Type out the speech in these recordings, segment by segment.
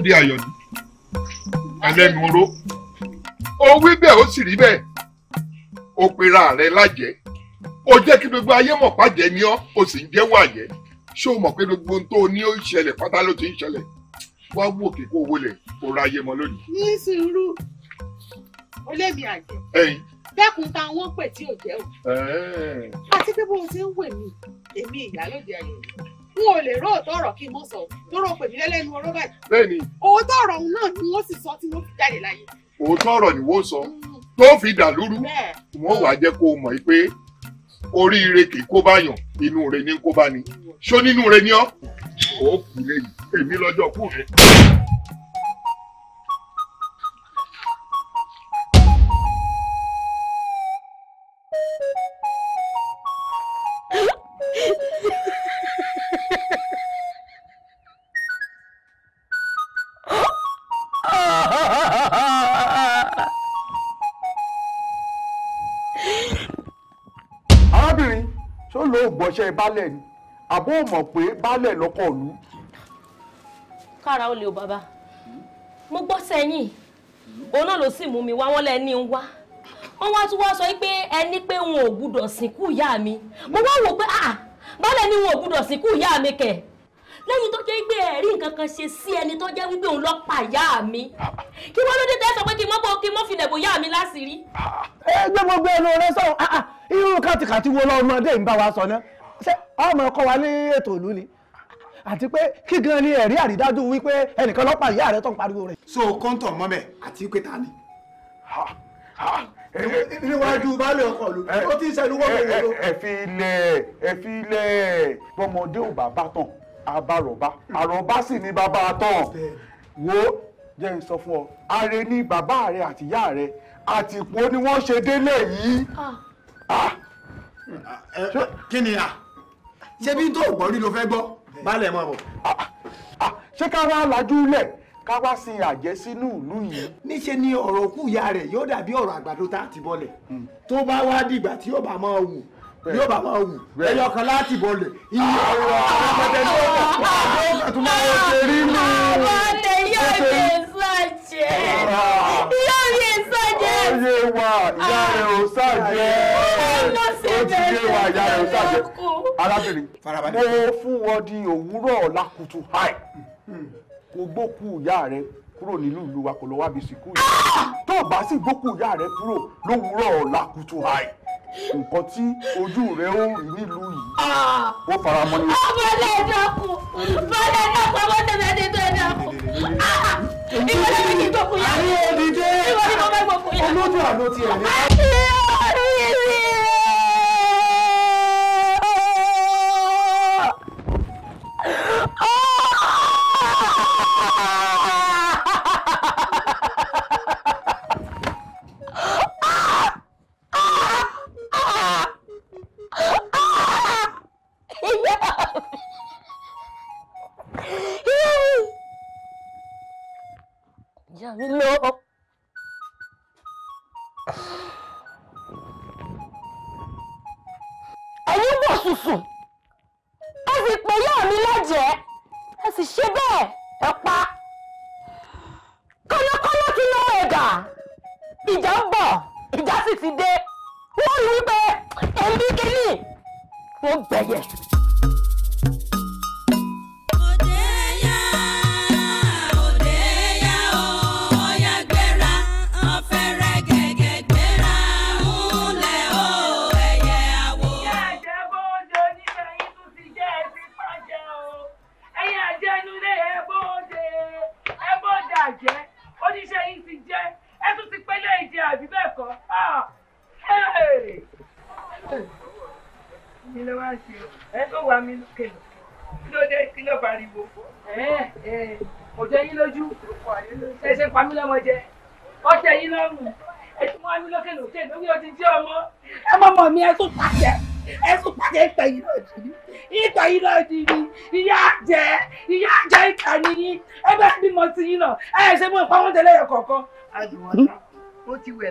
olóde àyọ̀dí ẹlẹ́nu oró ó wí bẹ́ẹ̀ ó sì rí bẹ́ẹ̀ ó pera rẹ lájẹ́ ó jẹ́ kí gbogbo ayé mọ̀ pàjẹ́ ni ọ́ ó sì ń jẹ́wọ́ àjẹ́ ṣé o mọ̀ pé gbogbo ohun tó o ní ó ń ṣẹlẹ̀ pátá ló ti ń ṣẹlẹ̀ wá wò kí kó wọlé kó ra ayé mọ lónìí. ní sùúrù olóbi àjẹ́ dẹ́kun táwọn pè tí ò jẹ́ o àti pé bó o ti ń wè mí èmi ìyálòdì ayọ̀ n ò lè ró òótọ́ ọ̀rọ̀ kí n mọ̀ sọ tó rò pèmí lẹ́lẹ́nu ọ̀rọ̀ báyìí. bẹ́ẹ̀ni. òótọ́ ọ̀rọ̀ òun náà ni wọ́n sì sọ tí wọ́n fi jáde láyé. òótọ́ ọ̀rọ̀ ni wọ́n sọ mm. tó fi dà lúrú wọ́n wàá jẹ́ kó o mọ̀ pé oríire kì í kó bá yàn inú rẹ ní kó bá ni ṣó nínú rẹ ni ọ́ mm. ó kù èmi lọ́jọ́ kù rẹ. ẹ baálẹ̀ ni àbó mọ̀ pé baálẹ̀ lọ́kọ̀ òlu. kára ó lè o bàbá mo gbọ́ sẹ́yìn òun náà ló sì mú mi wá wọ́n lẹ́ni ń wá wọ́n wá tún wá sọ pé ẹni pé wọn ò gbúdọ̀ sìnkú ìyá mi mo wá wò pé ah baálẹ̀ ni wọn ò gbúdọ̀ sìnkú ìyá mi kẹ̀ lẹ́yìn tó jẹ́ pé ẹ̀rí nǹkan kan ṣe sí ẹni tó jẹ́ wípé òun lọ ìyá mi kí wọ́n ló dé tẹ́ sọ pé kí n mọ́ bọ́ kí n mọ́ filẹ̀ bò ìyá mi láṣìírí. ẹ gbé gbogbo ẹnu rẹ sọ ah, ah, irú kàtìkàtì wo lọmọdé ń bá wa sọ náà ṣé ọmọ ọkọ wa ní ètò ìlú ni àti pé kí gan ni ẹ̀rí àrídájú wípé ẹnìkan lọ́pàá ìyá rẹ̀ tó ń pariwo rẹ̀. so kọ́ńtọ̀ mọ́mẹ́ àti pé ta ni níwájú baálé ọkọ lu ó ti ń ṣẹlú wọ́n mi lọ. ẹ fi ilẹ̀ ẹ fi ilẹ̀ bọmọdé ò bá bá tàn àbárọ̀bá àrọ̀bá sì ni bàbá tàn wo jẹ́ n sọ fún ọ ààrẹ ni bàbá rẹ àti ìyá rẹ àtìpó ni wọ́n ṣe délé yìí. Ah. Ah. kí ni a ṣé bí tó gbọ́ rí ló fẹ́ gbọ́ balẹ̀ mọ́ bọ̀. ṣé ká wá lajú lẹ̀ ká wá sin àjẹ́ sínú ìlú yìí. níṣe ni ọ̀rọ̀ òkú ìyá rẹ̀ yóò dàbí ọ̀rọ̀ àgbàdo tá a ti bọlẹ̀ tó bá wá dìgbà tí yóò bá máa wù yóò bá máa wù ẹyọ kan láti bọlẹ̀ iye ọ̀rọ̀ àgbàdo ní ọ̀gá àgbàdo kan tó máa wọ ṣeré nù. àbọ̀dé yóò lè sàjẹ́ yóò lè sàjẹ́. ọ̀rẹ́ wa ìyá rẹ̀ ò sàjẹ́ jẹ arábìnrin mo fún wọn di òwúrọ̀ ọ̀la kùtù háì kò gbókù ìyá rẹ kúrò nílùú ìlú wa kò lọ wábi sìnkú yìí tó o bá sì gbókù ìyá rẹ kúrò lówùúrọ̀ ọ̀la kùtù háì nǹkan tí ojú rẹ ó rí nílùú yìí ah. ó fara mọ́ ah, ah, ní. ọmọdé dọkùn bọ́dẹ̀ dọkùn ọmọdé bẹ́ẹ̀ tó dọkùn ìwọ ni mi kì í gbókù yá ìwọ ni mo fẹ́ gbókù yá. olójú àná ti ẹ̀ ní.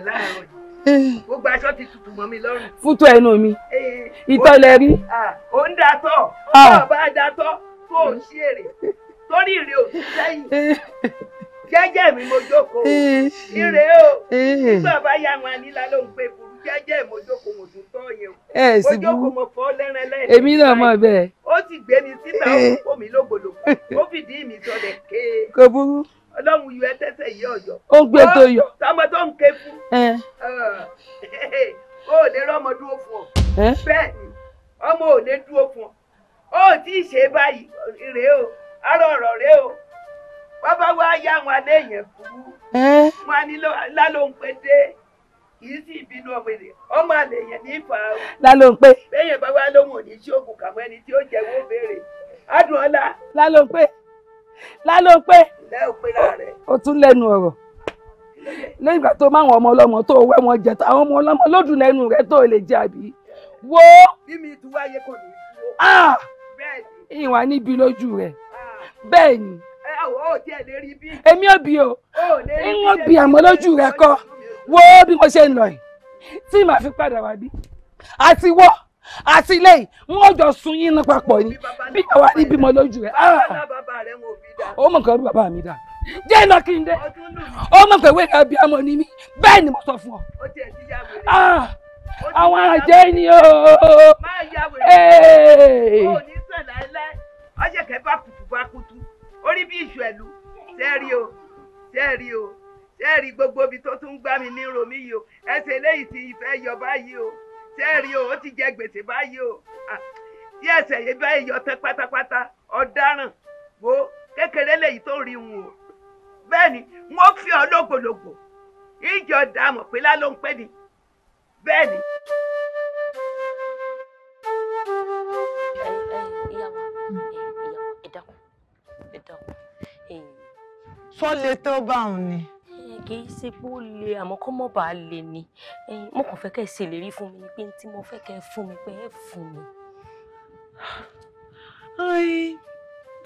ṣẹlẹ̀ láàárọ̀ yìí eh. gbogbo aṣọ ti tutù mọ́ mi lọ́rùn. fútó ẹnu mi eh. ìtọ́ lẹ rí. Ah, ó ń datọ́ ah. ó bá datọ́ kó o ṣí èrè torí ìrè ò tún sẹ́yìn eh. jẹ́jẹ́ mi mo jókòó ìrè o nígbà bá yá wọn nílá ló ń pè fún jẹ́jẹ́ mo jókòó mo tún tọ́ yẹn o mo jókòó mo fọ́ lẹ́rẹ́ lẹ́yìn. èmi náà mọ̀ bẹ́ẹ̀. ó sì gbé mi síta ó mi lógbòlògbò ó fìdí mi sọlẹ̀ ọlọ́run yọ ẹtẹ́sẹ̀ yẹ ọ̀yọ́. ó ń gbé tó yọ. sọmọ tó ń ké fún. ó lè rọmọ dúró fún ọ. bẹ́ẹ̀ ni ọmọ ò lè dúró fún ọ. ó tí ì ṣe báyìí rèé o arọ ọ̀rọ̀ rèé o wọ́n bá wá yá wọn alẹ́ yẹn kú. wọn á ní lálọ́ ń pété kìí sì bínú ọmọ ènìyàn ọmọ àlè yẹn ní ìfà o. lálọ́ ń pé. bẹ́ẹ̀ yẹn bá lóhùn òní ṣóògùn kàmọ́ ẹni tí ó jẹ́wọ́ béèrè. adùn ọ̀la. lálọ́ ń pé lálọ́ pé o tún lẹ́nu ọ̀rọ̀ lẹ́yìn ìgbà tó máwọn ọmọ ọlọ́mọ tó wẹ́ wọn jẹ àwọn ọmọ ọlọ́mọ lódùn lẹ́nu rẹ tó lè jẹ àbí wo. bí mi ti wáyé kò ní ìwà níbi lójú rẹ bẹ́ẹ̀ ni. èmi ò bí o ń bí àmọ́ lójú rẹ kọ́ wo bí mo ṣe ń lọ yìí tí màá fi padà wá bí àti wọ́ àti lẹ́yìn wọ́n jọ sun yín ní papọ̀ ni bí àwa ní bímọ lójú rẹ ó mọ̀ nǹkan rú bàbá mi dà jẹ́ iná kí n dé ó mọ̀ pé wẹ́ẹ̀rẹ̀ abiyamọ ni mí bẹ́ẹ̀ ni mo sọ fún ọ. Ah, àwọn àjẹ́ ni o. máa ya wèrè o ní sẹ̀lá ẹlẹ́ ọ̀jẹ̀ kẹ́ bá kùtù bá kùtù orí bí ìṣù ẹ̀lú sẹ́ẹ̀rì o sẹ́ẹ̀rì o sẹ́ẹ̀rì gbogbo ibi tó tún gbá mi ní romi yìí o ẹsẹ̀ eléyìí ti ìfẹ́ yọ báyìí o sẹ́ẹ̀rì o ó ti jẹ gbèsè báyìí o tí ah, ẹsẹ̀ yìí báyìí yọ tán pátápátá ọ̀daràn wo kékeré lèyí tó rí wọn o bẹ́ẹ̀ ni wọ́n fi ọ lógbòlógbò ìjọ dààmú pé láló ń pè ní bẹ́ẹ̀ ni. sọ́lé tó bá òun ni. kì í ṣe pé ó le àmọ́ kọ́ mọ́ bá a lè ní mo kàn fẹ́ kẹ́ ẹ ṣèlérí fún mi pé tí mo fẹ́ kẹ́ ẹ fún mi pé ẹ fún mi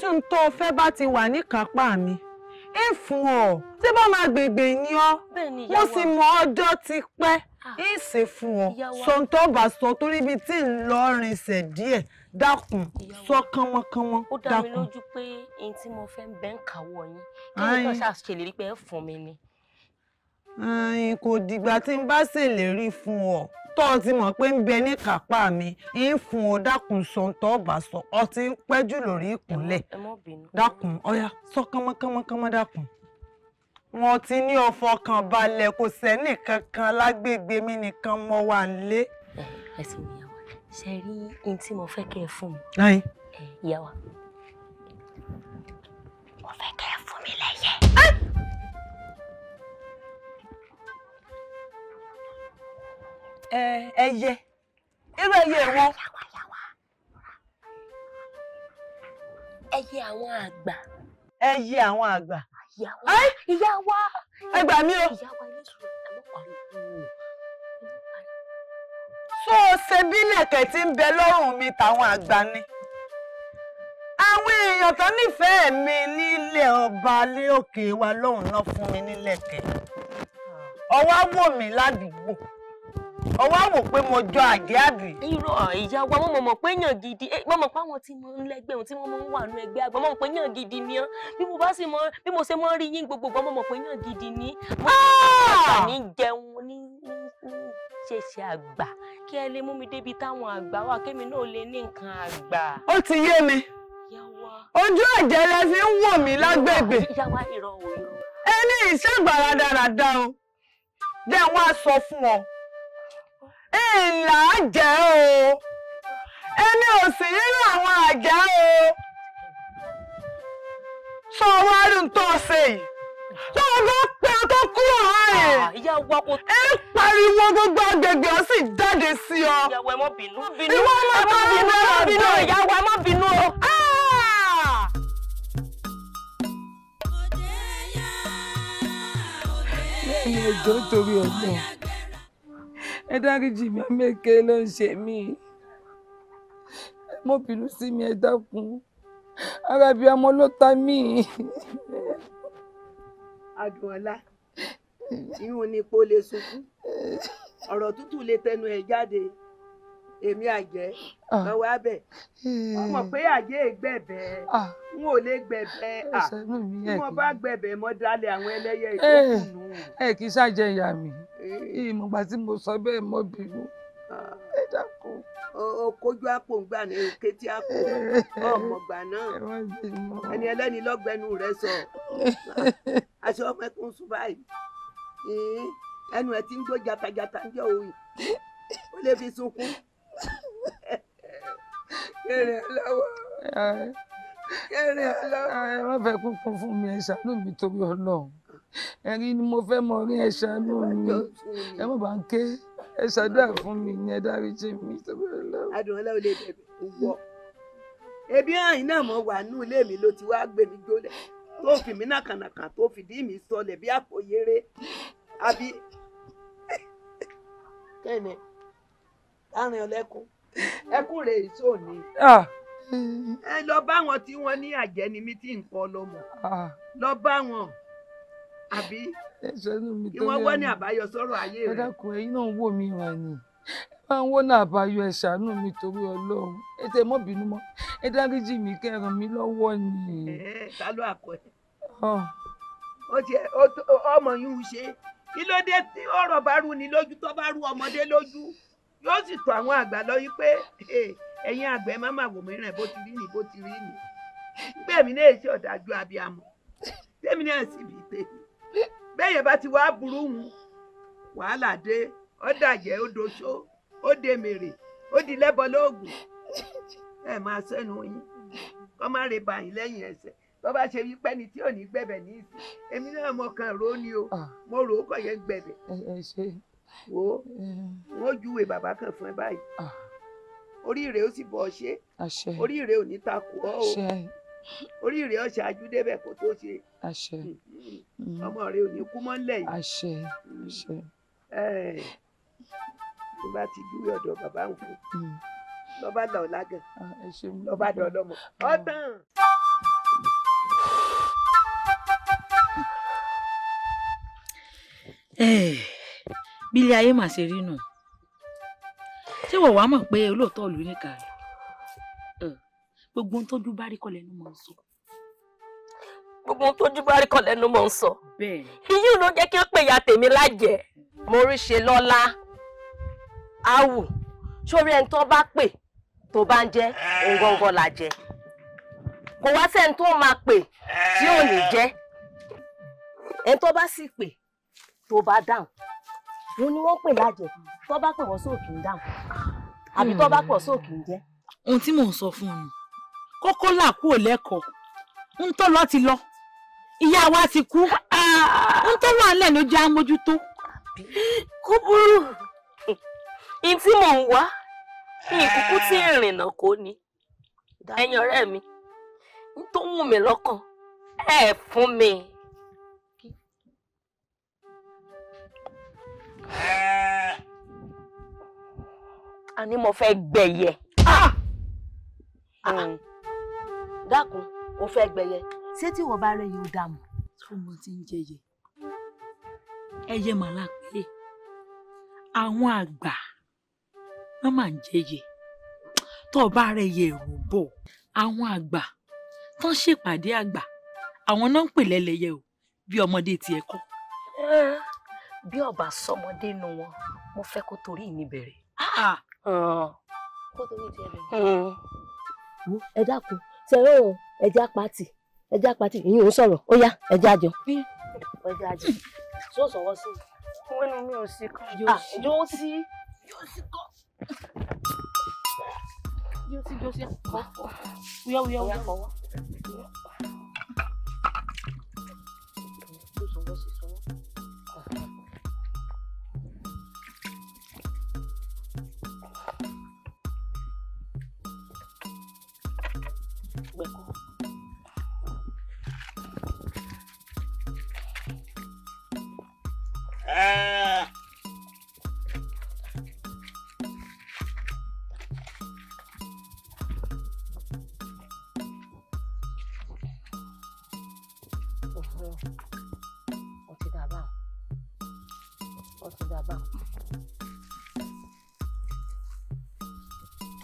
tí n tó fẹ́ bá ti wà níkápá mi ń fún ọ tí bá máa gbègbè ni ọ mo sì mọ ọjọ́ ti pẹ́ ń ṣe fún ọ sọ tó bá sọ torí ibi tí ń lọ rinṣẹ̀ díẹ̀ dákun sọ kánmọ́kánmọ́ dákun. ó dá mi lójú pé ohun tí mo fẹ́ ń bẹ́ ń kàwọ́ yín kí ló ṣáà ṣèlérí pé ẹ fún mi ni. kò dìgbà tí n bá ṣèlérí fún ọ tọ́ ti mọ̀ pé ń bẹ ní kápá mi ń fún ọ dákun sọ tó bá sọ ọ ti ń pẹ́jù lórí ìkúnlẹ̀ dákun ọ̀yà sọ kánmọ́kánmọ́kánmọ́ dákun. wọn ti ní ọfọ kan balẹ̀ kò sẹ́nì kankan lágbègbè mi nìkan mọ́ wà lé. ẹ ti ní ìyàwó ṣe rí ohun tí mo fẹ́ kẹ́ ẹ fún mi ìyàwó ẹyẹ irú ẹyẹ wọn. ẹyẹ àwọn àgbà. ẹyẹ àwọn àgbà. ìyá wa. ẹ gbà o. ìyá wa yéṣu o ń bẹ mi àgbà ni. àwọn èèyàn tó nífẹ̀ẹ́ mi nílé ọba lé wa lọ́hùn-ún mi ọwọ́ wò mí ládùúgbò. ọwọ́ àwò pé mo jọ àjẹ́ àbí. irọ́ ìyá wa mo mọ̀ pé yàn gidi mo eh, mọ̀ pé àwọn tí mo ń lẹ́gbẹ̀ẹ́ ohun tí wọ́n mọ̀ ń wà nú ẹgbẹ́ àgbà mo mọ̀ pé yàn gidi ni ọ́ bí mo bá sì mọ bí mo ṣe mọ rí yín gbogbo gbọ́ mo mọ̀ pé yàn gidi ni. mo ní ah! jẹun ní ṣẹ̀ṣẹ̀ àgbà kí ẹ lè mú mi débi táwọn àgbà wà kémi náà lè ní nǹkan àgbà. ó ti yé mi ojú ẹ̀jẹ̀ lẹ fi ń wò mí lágbègbè ẹni ìṣègbàradàradà o jẹ́ wọ́n á sọ fún ọ ìlà jẹ́ o èmi ò sì nínú àwọn àjẹ́ o sọ wá rí n tó ṣe yìí lọ́wọ́ bá pẹ́ tó kúrò láàyè ah, ẹ pariwo gbogbo agbègbè ọ sì jáde sí ọ ìwọ ọmọ bínú ìwọ ọmọ bínú ìyàwó ẹ má bínú o. lẹ́yìn ah! ẹjọ́ torí ọgbọ́n ẹ dáríjì mi ọmọ èké ló ń ṣe mí mo bínú sí mi ẹ dákun ara bíi ọmọ ló ta mí. adùnọlá ìhun ni ipò lè sunkún ọ̀rọ̀ tútù lè tẹnu ẹ̀ jáde èmi àjẹ́ lọ́wọ́ abẹ ọmọ pé àjẹ́ gbẹ̀bẹ̀ ah. n ò lè gbẹ̀bẹ̀ à ah. bí wọ́n bá gbẹ̀bẹ̀ mọ́ dalẹ̀ àwọn ẹlẹ́yẹ eh. ìdókòwò. ẹ kì í ṣàjẹ ìyá mi eh. ìmọ̀gbà tí mo sọ bẹ́ẹ̀ mọ́ bínú ah. ẹ dákun. okojú àpò ń gbà ní òkè tí a kò eh. ọmọgbà náà ẹni ẹlẹ́ni lọ́gbẹ́nu rẹ sọ aṣọ ọmọ ẹkún sùn báyìí ẹnu ẹ ti ń gbó jatajata ń jẹ́ òòyì ó lè fi sunkún kẹrin aláwọ kẹrin aláwọ. ẹ má fẹ́ kúkú fún mi ẹ ṣàánú mi torí Ọlọ́run ẹ̀rí ni mo fẹ́ mọ rí ẹ ṣàánú mi ẹ má bá ń ké ẹ ṣàdúrà fún mi ní ẹ dárí jì mí torí Ọlọ́run. adùnọlá ò lè bẹ̀bẹ̀ wọ ebi àyìn náà mo wà nínú ilé mi ló ti wá gbé mi jólẹ tó fi mí nàkànàkàn tó fìdí mi sọlẹ̀ bí àpò yéré àbí kẹ́ni láàrin ọlẹ́kùn ẹkún rẹ̀ èso ni mm-hmm. ẹ lọ bá wọn tí wọn ní àjẹni mi tí nǹkan lọmọ lọ bá wọn àbí ìwọ́n wọ́n ní àbáyọ sọ̀rọ̀ ayé rẹ̀. ẹ dákun ẹ̀yin náà wò mí wà ní máa ń wọ́nà àbáyọ ẹ ṣàánú mi torí ọlọ́run ẹ tẹ mọ́ bínú mọ́ ẹ dáríjì mí kẹ́ ràn mí lọ́wọ́ ni. ẹ ta ló àkọ ẹ. ó ti ọmọ yìí ń ṣe kí ló dé tí ọ̀rọ̀ bá rú ni lójú tó bá rú ọmọdé lójú yóò sì tọ̀ àwọn àgbà lọ yí pé ẹ̀yin àgbẹ̀ má má wò mìíràn bó ti rí ni bó ti rí ni bẹ́ẹ̀ mi náà ṣe ọ̀dájú abiyamọ tẹ́mi náà sì bí pé bẹ́ẹ̀ yẹn bá ti wá burú wàhálà dé ó ó doṣó ó mèrè ó di lẹ́bọ lóògùn ẹ máa sẹ́nu yín kọ́ bá ṣe wípé ni tí ò ní gbẹ̀bẹ̀ ní ìsìn èmi náà ó o ah. mo rò wo mm. wọn júwe bàbá kan fún ẹ báyìí ah. orí rẹ ó sì bọ ọ ṣe orí rẹ ò ní takò ọ o orí rẹ ó ṣáájú débẹ̀ kó tó ṣe mm-hmm. mm. ọmọ rẹ ò ní kú mọ́ nílẹ̀ yìí tó mm-hmm. bá ti júwe ọ̀dọ̀ bàbá ń fún mm. lọba lọ lágàn ah, lọba dọ lọmọ ọtàn. Hey. Eh bílé ayé mà ṣe rí nù ṣé wọ̀ wá mọ̀ pé olóòótọ́ ìlú nìkà rẹ̀ gbogbo ohun tójú bá rí kọ́ lẹ́nu mọ̀ ń sọ. gbogbo ohun tójú bá rí kọ́ lẹ́nu mọ̀ ń sọ. bẹ́ẹ̀. iyún ló jẹ́ kí wọ́n pè ya tèmi lájẹ́ mo rí ṣe lọ́lá awù sórí ẹni tó bá pè tó bá ń jẹ́ òǹgọ̀ǹgọ̀ là jẹ́ kò wá sẹ́ni tó máa pè tí ò ní jẹ́ ẹni tó bá sì pè tó bá dáhùn wọn ni wọ́n pè lájẹ tó bá pè wọ́n sóòkì ń dáhùn àbí tó bá pọ̀ sóòkì ń jẹ́. ohun tí mò ń sọ fún un kókó là kú ò lẹ́kọ̀ọ́ ń tó lọ ti lọ ìyá wa ti kú ń tó wà nílẹ̀ ló jẹ́ amójútó. kó burú ihun tí mò ń wá ní ìkúkú tí ìrìnà kò ní ẹ̀yin ọ̀rẹ́ mi ń tó wù mí lọ́kàn ẹ fún mi. Eh. àní mo fẹ́ gbẹ̀yẹ. Ah! Hmm. Ah! dákun mo fẹ́ gbẹ̀yẹ ṣé tí wọ́n bá rẹ̀ yóò dààmú tó mo ti ń jẹyẹ. ẹyẹ màlá pé àwọn àgbà wọn máa ń jẹyẹ tó o bá rẹ̀ yẹ ẹ̀rù bọ̀ àwọn àgbà tó ṣèpàdé àgbà àwọn náà ń pè lẹ́lẹ́yẹ o bí ọmọdé tiẹ̀ kọ́. Ah bí ọba sọmọdé nu wọn mo fẹ́ kó torí mi bẹ̀rẹ̀. Ah! kó torí tiẹ̀ bẹ̀rẹ̀. Hmm. ẹ dákun ṣe é o ẹja pati ẹja pati ìyín ò sọ̀rọ̀ ó yá ẹja jọ. Hmm. ẹja jọ tí ó sọwọ́ sí i. wọ́n ní mi ò sí kan. yóò ah, sí yóò sí kan. yóò sí yóò sí àpò. wíyá wíyá wíyá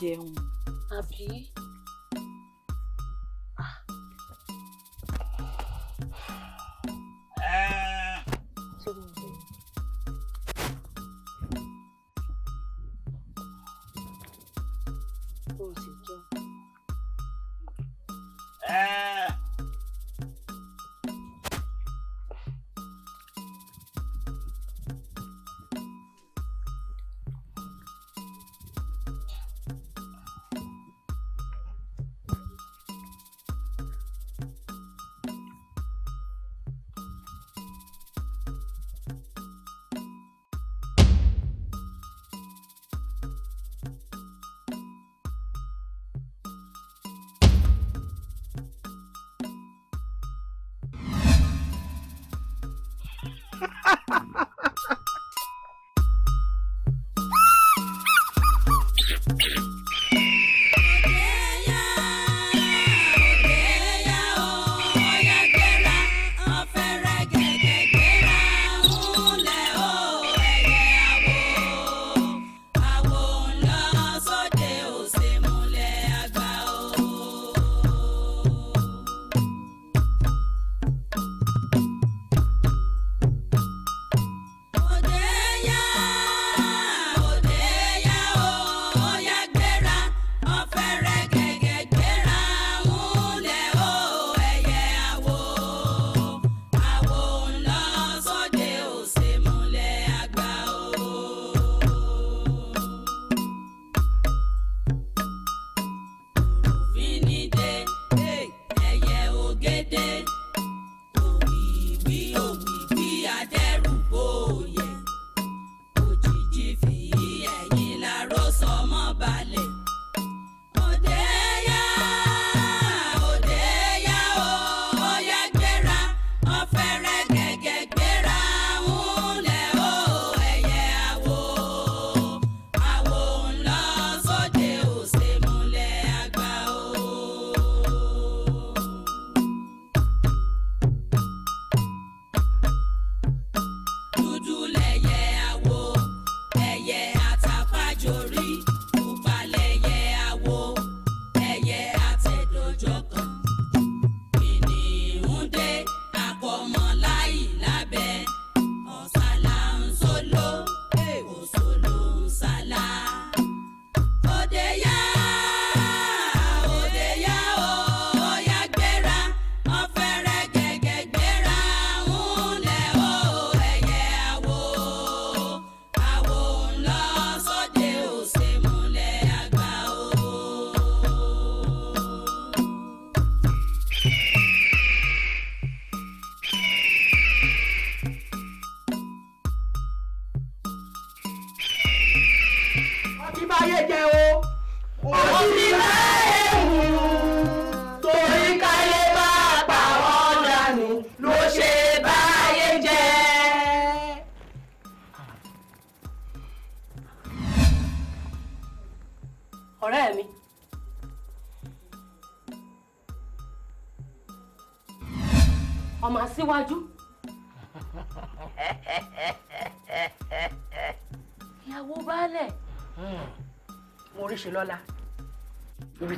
jẹun. àbí. Ah!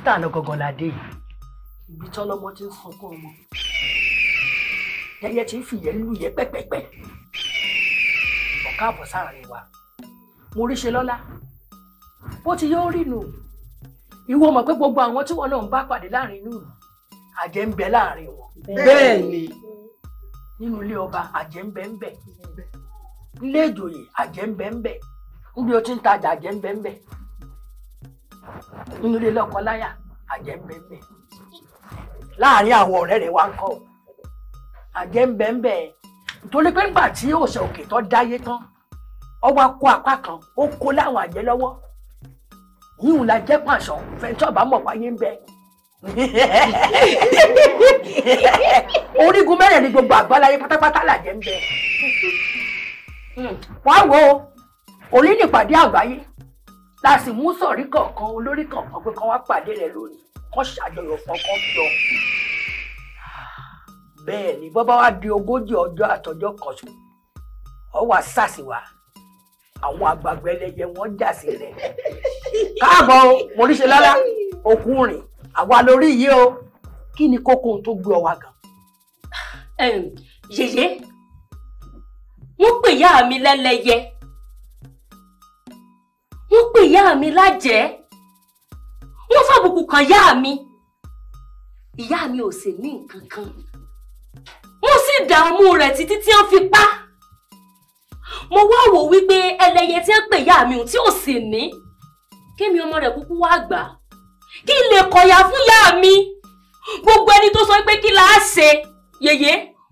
tá à lọ gangan la dé yìí ibi tọ́lọ́mọ ti ń sunkún ọmọ yẹyẹ ti ń fìyẹ́ lù yẹ pẹ́pẹ́pẹ́ ọ̀ká àbọ̀ sáàrin wa mo rí ṣe lọ́lá bó ti yóò rí nù ìwọ mọ̀ pé gbogbo àwọn tí wọn náà ń bá pàdé láàrin inú ìlú àjẹ́ ń bẹ láàrin wọn. bẹ́ẹ̀ ni nínú ilé ọba àjẹ́ ń bẹ ń bẹ ilé ìjòyè àjẹ́ ń bẹ ń bẹ níbi o ti ń tajà àjẹ́ ń bẹ ń bẹ nínú ilé lọ́kọ láyà àjẹ́ ń bẹ ń bẹ láàárín àwọn ọ̀rẹ́ rẹ̀ wá ń kọ́ àjẹ́ ń bẹ ń bẹ nítorí pé ńgbà tí òòṣà òkè tó dáyé tán ọwọ́ kó apá kan ó kó láwọn àjẹ́ lọ́wọ́ yíhun la jẹ́ pàṣọ fẹ́ntọ́ àbámọ̀ wáyé ń bẹ orígun mẹ́rin ni gbogbo àgbáláyé pátápátá làjẹ́ ń bẹ wá wo orí nípàdé àgbáyé la sì mú sọ̀rí kọ̀ọ̀kan olórí kọ̀ọ̀kan pé kán wá pàdé rẹ̀ lónìí kán ṣàjọyọ̀ fún ọkàn bẹ́ẹ̀ ni bọ́bá wa di ogójì ọjọ́ àtọjọ́ kan sùn ọ wà sàṣì wá àwọn àgbààgbà ẹlẹ́yẹ wọn jà sí rẹ̀ káàbọ̀ mọ̀ríṣẹ́ lálá òkúrin àwa lórí yìí o kí ni kókó tó gbé ọ wá gan. yèyé wọ́n pè yá mi lẹ́lẹ́yẹ wọ́n pè ìyá mi lájẹ́ wọ́n fàbùkù kan ìyá mi ìyá mi ò sì ní nǹkan kan wọ́n sì dààmú rẹ̀ títí tí wọ́n fi pa mo wá wò wípé ẹlẹ́yẹ tí ń pè ìyá mi tí ò sì ní kémi ọmọ rẹ̀ kúkú wá gbà kí n lè kọ̀yà fún ìyá mi gbogbo ẹni tó sọ pé kí là á ṣe yèyé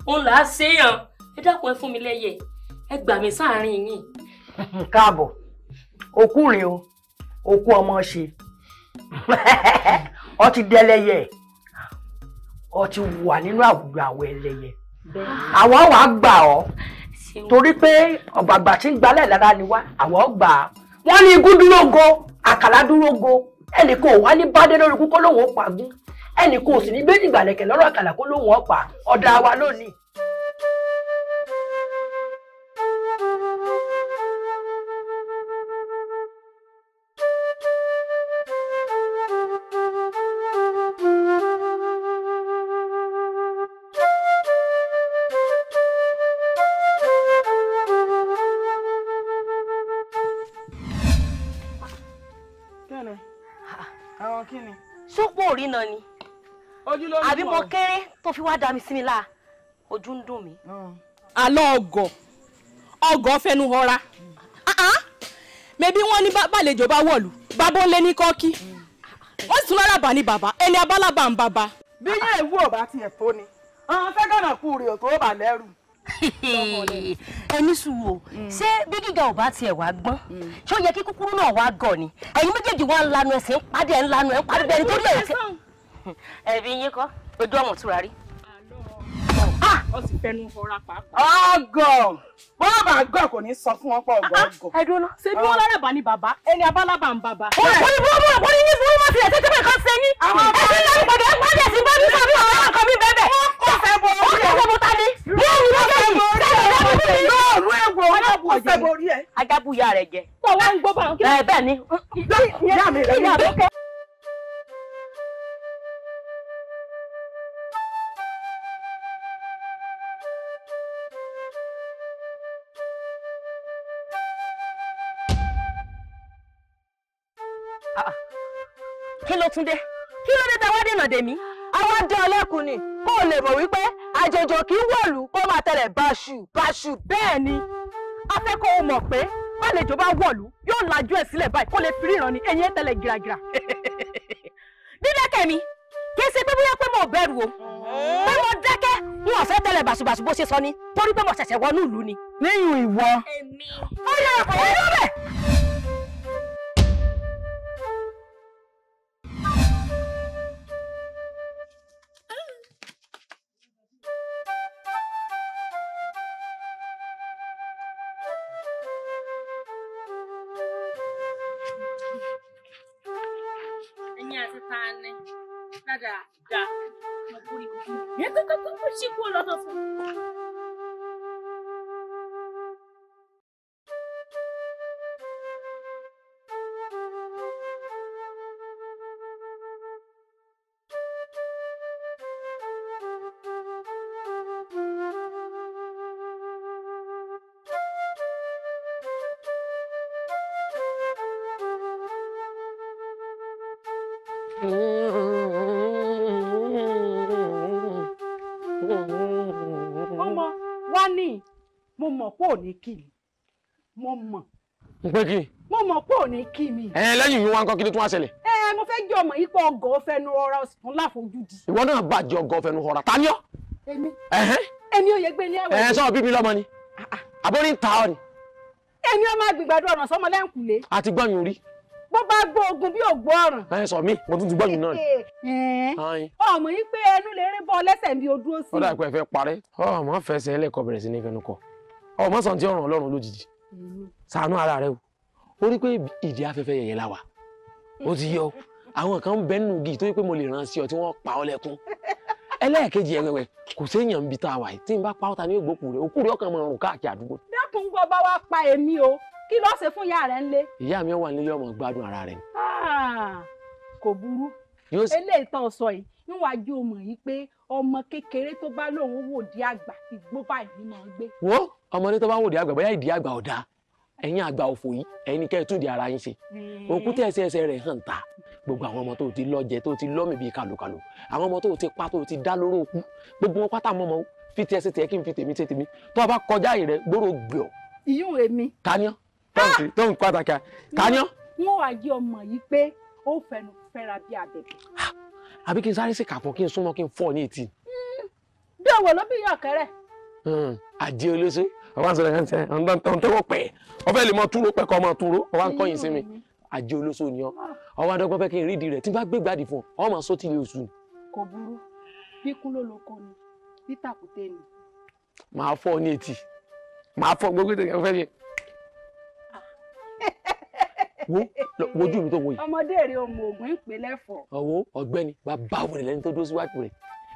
òun là á ṣe yàn ẹ dákun ẹ fún mi lẹ́yẹ ẹ gbà mí sáàárín yìí. káàbọ̀ òkú rèé o òkú ọmọ ṣe ó ti dẹlẹyẹ ó ti wà nínú àwùjọ àwọn ẹlẹyẹ àwa wà gbà ọ torí pé ọ̀gbàgbà tí ń gbalẹ̀ lára ni wá àwa gbà á wọ́n ní igún dúró go àkàlà dúró go ẹnì kan ò wá ní bá dé lórí kú kó lóun ó pagún ẹnì kan ò sì ní gbé nígbàlẹ̀kẹ̀ lọ́rọ̀ àkàlà kó lóun ó pa ọ̀dà wa lónìí. àbí mo kéré tó fi wá dá mi sí mi láà ojú ń dùn mí. àlọ́ ọgọ̀ ọgọ̀ fẹnu họra ah, ah. mẹbí wọn ní bàlejò bá wọ̀lú bàbá ó lé ní kọ́kí wọ́n sì tún lárabà ní bàbá ẹni abálábà ń bàbá. bí yẹn ewu ò bá tiẹ̀ tó ni fẹ́gànà kú rèé tó bà lẹ́rù ẹni sùúrù o mm. ṣé bí gíga ò bá tiẹ̀ wá gbọ́n mm. ṣé ó yẹ kí kúkúrú náà wá gọ̀ ni ẹ̀yin méjèèjì wá ń lanu ẹ̀sìn ń padì ẹ̀ ń lanu ẹ̀ ń padì bẹ́ẹ̀ nítorí ẹ̀ ti. ẹ̀bí yín kọ́ ojú ọmọ túra rí. ọsì fẹnu ọra pàápàá. ọgọ bọ́lá bá gbọ́ kò ní sọ fún ọ̀pọ̀ ọgọ ọgọ. ẹ dúró náà ṣé bí wọn lọ́rẹ̀ bá ní bàbá ẹni abálábà ń bàbá. ó ní bọ́lá bọ́lá bọ́lá ní fún wọn tilẹ̀ tẹ́tẹ́ bẹ́ẹ̀ kan ṣe ní. ẹ ti lọ gbọdọ̀ ẹ gbọdọ̀ sí bọ́ọ̀lù sọ́bí ọ̀rọ̀ ọkọ mi bẹ́ẹ̀ bẹ́ẹ̀. ó fẹ́ bọ orí ẹ̀ ó fẹ́ bọ orí ẹ̀ Yétúndé kí ló dé tá a wá dènà dèmí àwa dé ọlẹ́kùn ni kó o lè mọ̀ wípé àjòjò kì í wọ̀lú kó máa tẹ̀lẹ̀ báṣu báṣu bẹ́ẹ̀ ni a fẹ́ kó o mọ̀ pé bálejò bá wọ̀lú yóò lajú ẹ̀ sílẹ̀ báyìí kó lè fi ríran ni eyín ẹ̀ tẹ̀lẹ̀ gíragíra dídẹ́kẹ̀ mi kì í ṣe pé bóyá pé mo bẹ̀rù o pé mo dákẹ́ wọn ò fẹ́ tẹ̀lẹ̀ bàṣubàṣu bó ṣe sọ ni torí pé mo ṣẹ̀ṣẹ̀ wọnú ìlú ni. níyùn ìwọ. èmi. ó yẹ wá nǹkan kí ló tún wá ṣẹlẹ̀. ẹ ẹ mo fẹ́ jẹ́ ọmọ yìí pọ̀ ọgọ́ fẹnu ọra ọ̀sùn láfojúdi. ìwọ náà bàjẹ́ ọgọ́ fẹnu ọra ta ni ọ́. èmi èmi ò yẹ gbé ní ẹwẹ́. ẹ sọ bíbí lọmọ ni ah, ah. àbórí ń ta ọ ni. èmi ọmọ àgbègbàdo ọ̀nà sọmọ lẹ́ǹkùlé. àti gbọ́yìn rí. bó bá gbọ́ ogun bí ò gbọ́ ọ̀ràn. ẹ sọ mi mo tún ti gbọ́yìn náà ni. ọmọ yìí pé ẹnu lè rí bọ́ lẹ́sẹ̀ bí o dúró sí. ó dà pé ẹ fẹ́ parẹ́ ọmọ fẹsẹ̀ ẹlẹ́kọ̀ọ́ bẹ̀rẹ̀ sí ní fẹnu kọ ọmọ sàn tí ọ̀ràn ọlọ́run lójijì ṣàánú ara rẹ o ó rí pé ìdí afẹ́fẹ́ yẹ̀yẹ̀ la wà ó ti yọ àwọn kan bẹ nínú igi tó yẹ pé mo lè ràn sí ọ tí wọ́n pa ọ lẹ́kún ẹlẹ́ẹ̀kejì ẹ̀wẹ̀wẹ̀ kò séèyàn bí tá a wà yìí tí n bá pa ọ́ ta ní ògbókù rẹ̀ òkú rẹ̀ ọkàn máa rùn káàkiri àdúgbò. dákun gbọ́ bá wa pa èmi o kí ló ṣe fún ìyá rẹ̀ ń lé. ìyá mi wà nílé ọmọ gbádùn ara rẹ̀. Ah, kò burú eléyìí tó sọ yìí níwájú ọmọ yìí pé ọmọ kékeré tó bá lóun wò di àgbà ìgbó báyìí ni mò ń gbé. wo ọmọdé tó bá wò di àgbà bóyá ìdí àgbà ọ̀dà ẹ̀yin àgbà òfò yìí ẹ̀yin ni kẹ́ ẹ tún di ara yín ṣe hmm. òkú tẹ̀ ẹsẹ̀ ẹsẹ̀ rẹ̀ hàn ta gbogbo àwọn ọmọ tó ti lọ́jẹ tó ti lọ́mì bíi kàlùkàlù àwọn ọmọ tó ti pa tó ti dá lóró òkú gbogbo wọn pátá mọ́mọ́ fi tiẹ̀ sí tiẹ̀ kí n fi tèmi ṣe tèmi tó o bá kọjá yìí rẹ gbòòrò gbìọ̀. ìyún èmi. kaniọ́ tó ń pàtàkì kaniọ́. wọn wá yí ọmọ yìí pé ó fẹnu fẹ́ra bí abẹ̀bẹ̀. àbí kí n sáré sí kàpọ̀ kí n súnmọ́ kí n fọ́ ní etí. Hmm. bí òwò ló bí yàn kẹrẹ. Hmm. àdí olóṣèlú ọwọ́ àǹsọ̀ rẹ̀ ṣe ọ̀n tó pẹ̀ ọ̀fẹ́ lè mọ túró pẹ̀ kọ́ ọmọ túró ọwọ́ à ń kọ́yìn sí mi ajé olóso ni ọ ọwọ́ adọ́gbọ́n fẹ́ kí n rídìí rẹ̀ tí bá gbégbádìí fún ọ ọmọ sọ́tì lè oṣù. kò burú bí kún ló lóko ni bí tàkùté ni. màá fọ ní etí màá fọ gbogbo ètò ìfẹ́ yẹn. wo wojú mi tó wo yìí. ọmọdé rẹ ọmọ ògùn ìpè lẹfọ. ọwọ ọ̀gbẹ́ni bàbá wẹrẹ lẹni tó dúró síwájú rẹ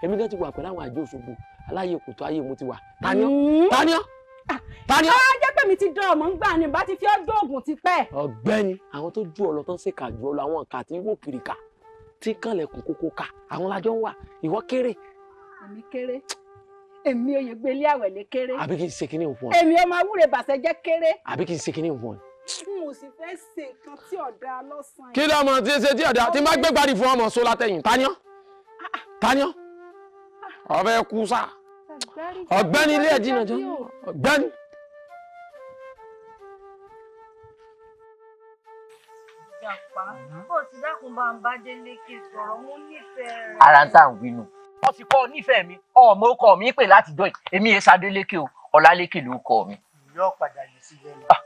èmi kan ti wà pẹ̀lú àwọn àjọ òṣogbo aláyè kòtò ayé mo ti wà. taniọ́ mm-hmm. taniọ́ tani. ọ jẹ́ pé mi ti dán ọmọ ń gbà ni bá ti fi ọdún oògùn ti pẹ́. ọ̀gbẹ́ni àwọn tó ju ọlọ tó ń ṣèkà jù ọlọ àwọn nǹkan àti wò kiri ká tí kànlẹ̀kùn kókó ká àwọn lájọ ń wà ìwọ kéré. èmi kéré èmi oyè gbélé àwẹ̀lé kéré. àbí kì í ṣe kíní òfun. èmi ọmọ awúre bàṣẹ jẹ́ kéré. àbí kì í ṣe kíní òfun. mo sì fẹ́ ṣe nǹkan tí ọ̀dà lọ́sàn-án. kí ló mọ tí ṣe tí ọ̀dà tí má gbé gbàdí fún ọmọ sólátẹ̀yìn ọ̀gbẹ́ni ilé ẹ̀dínà jọ ọ̀gbẹ́ni. ara ń tà ń wí nù. wọ́n ti kọ́ nífẹ̀ẹ́ mi ọmọ ọkọ mi pè láti dọ́ ẹ̀ èmi yẹn e sadélékè o ọlálékè ló kọ mi. yóò padà yìí sí lẹ́nu ah.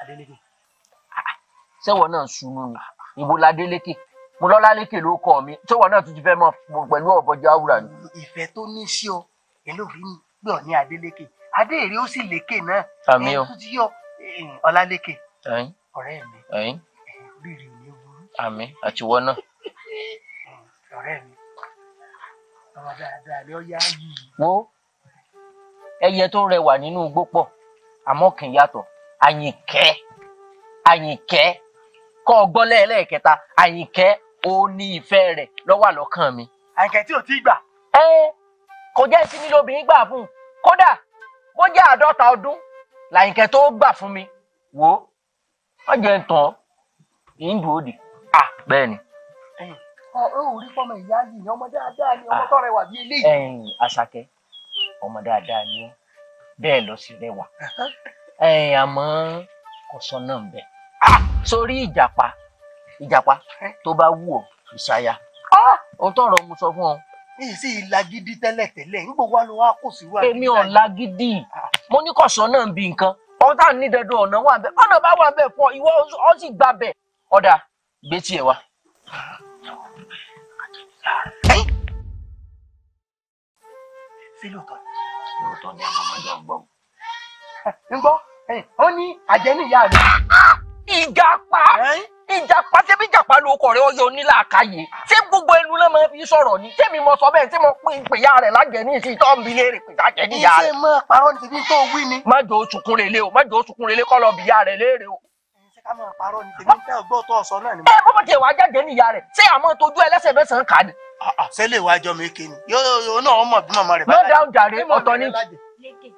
adélékè. sẹ́wọ̀n ah, ah. náà sunú ni ibo ladélékè mo lọ́lá lékè ló kọ́ mi tó wọn náà tún ti fẹ́ mọ pẹ̀lú ọ̀bọ̀jà wúrà ni. ìfẹ́ tó ní sí ọ ẹlòmíì náà ní adélékè adéèrè ó sì lékè náà àmì o tún ti yọ eh, ọlálékè ọ̀rẹ́ mi rírì ò ní burú. àmì àtiwọ́ náà. Eh, ọ̀rẹ́ mi ọmọ dáadáa ló yá yìí. wo ẹyẹ tó rẹwà nínú igbó pọ̀ àmọ́ kì í yàtọ̀ àyìnkẹ́ àyìnkẹ́ kọ́ ọgbọ́n lẹ́ẹ̀lẹ́ẹ̀kẹta àyìnkẹ́ ó ní ìfẹ́ rẹ̀ lọ́wọ́ àlọ́kàn mi. àìkẹ́ tí ò tí gbà. ẹ kò jẹ́ ìsinmi lóbìnrin gbà fún un kódà bó jẹ́ àádọ́ta ọdún làyìnkẹ́ tó gbà fún mi wò ó wọ́n jẹ́ ń tàn án kì í dùn ó dì. bẹ́ẹ̀ ni. ọ ò rí fọmọ ìyá yìí ọmọ dáadáa ni ọmọ tó rẹwà bí eléyìí. àṣàkẹ́ ọmọ dáadáa ni bẹ́ẹ̀ lọ sí rẹwà àmọ́ kò sọ náà bẹ́ẹ̀ sórí ìjàpá ìjàpá tó bá wù ọ́ ìṣàyà ah! ohun mo sọ fún ọ. tẹ́lẹ̀tẹ́lẹ̀ ló wá kò sí èmi ò ah. mo ní náà bí nǹkan ọ̀hún tá à ní dandan ọ̀nà wà bẹ́ẹ̀ ọ̀nà bá wà bẹ́ẹ̀ fún ọ ìwọ ọ sì gbà bẹ́ẹ̀ ọ̀dà gbé tiẹ̀ wá. ń gbọ́ ó ní àjẹ́ ìjàpá ṣebí ìjàpá ló kọ rẹ ọyọ onílàákàyè ṣé gbogbo ẹnu ló máa fi sọ̀rọ̀ ni tèmi mo sọ bẹ́ẹ̀ tí mo pín ìpèyà rẹ lájẹ ní ìsìn tó ń bi léèrè pè níyà rẹ. ìṣe mọ parọ́ níbi tó wí ni. má jò sùkún relé o má jò sùkún relé kọ́ lọ bìyà rẹ léèrè o. ṣé ká máa parọ́ ni tèmi fẹ́ gbọ́ tó ọ̀sán náà ni. ẹ bọ́bọ̀ tiẹ̀ wàá jáde níyà rẹ ṣé àmọ́ tójú ẹlẹ́sẹ̀ mẹ́sàn-án kà ni. ṣé lè wá jọ mi kí ni yóò náà mọ̀ bí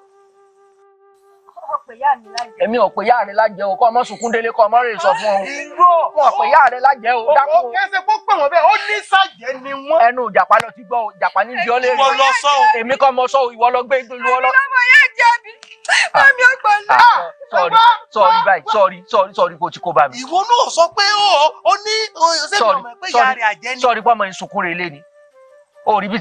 èmi ò pè yá rẹ o kọ́ ọmọ sunkún délé kọ́ ọmọ rè sọ fún ọ wọn ò pè yá rẹ o o kẹsẹ kó pè wọn bẹ́ẹ̀ ó ní sàjẹ ni wọn. ẹnu jàpá lọ ti gbọ́ o jàpá ní ìdí ọlẹ rẹ èmi kọ́ mọ sọ o ìwọ lọ gbé ìlú ọlọ. èmi lọ́mọ ah, ah, ah, ìwọ náà sọ pé ó ní ṣé mi ò mọ̀ pé yàrá rẹ̀ àjẹ́ ni. sọrí pọ́nmọ́ ìsunkún rẹ̀ lé ni ó rí bí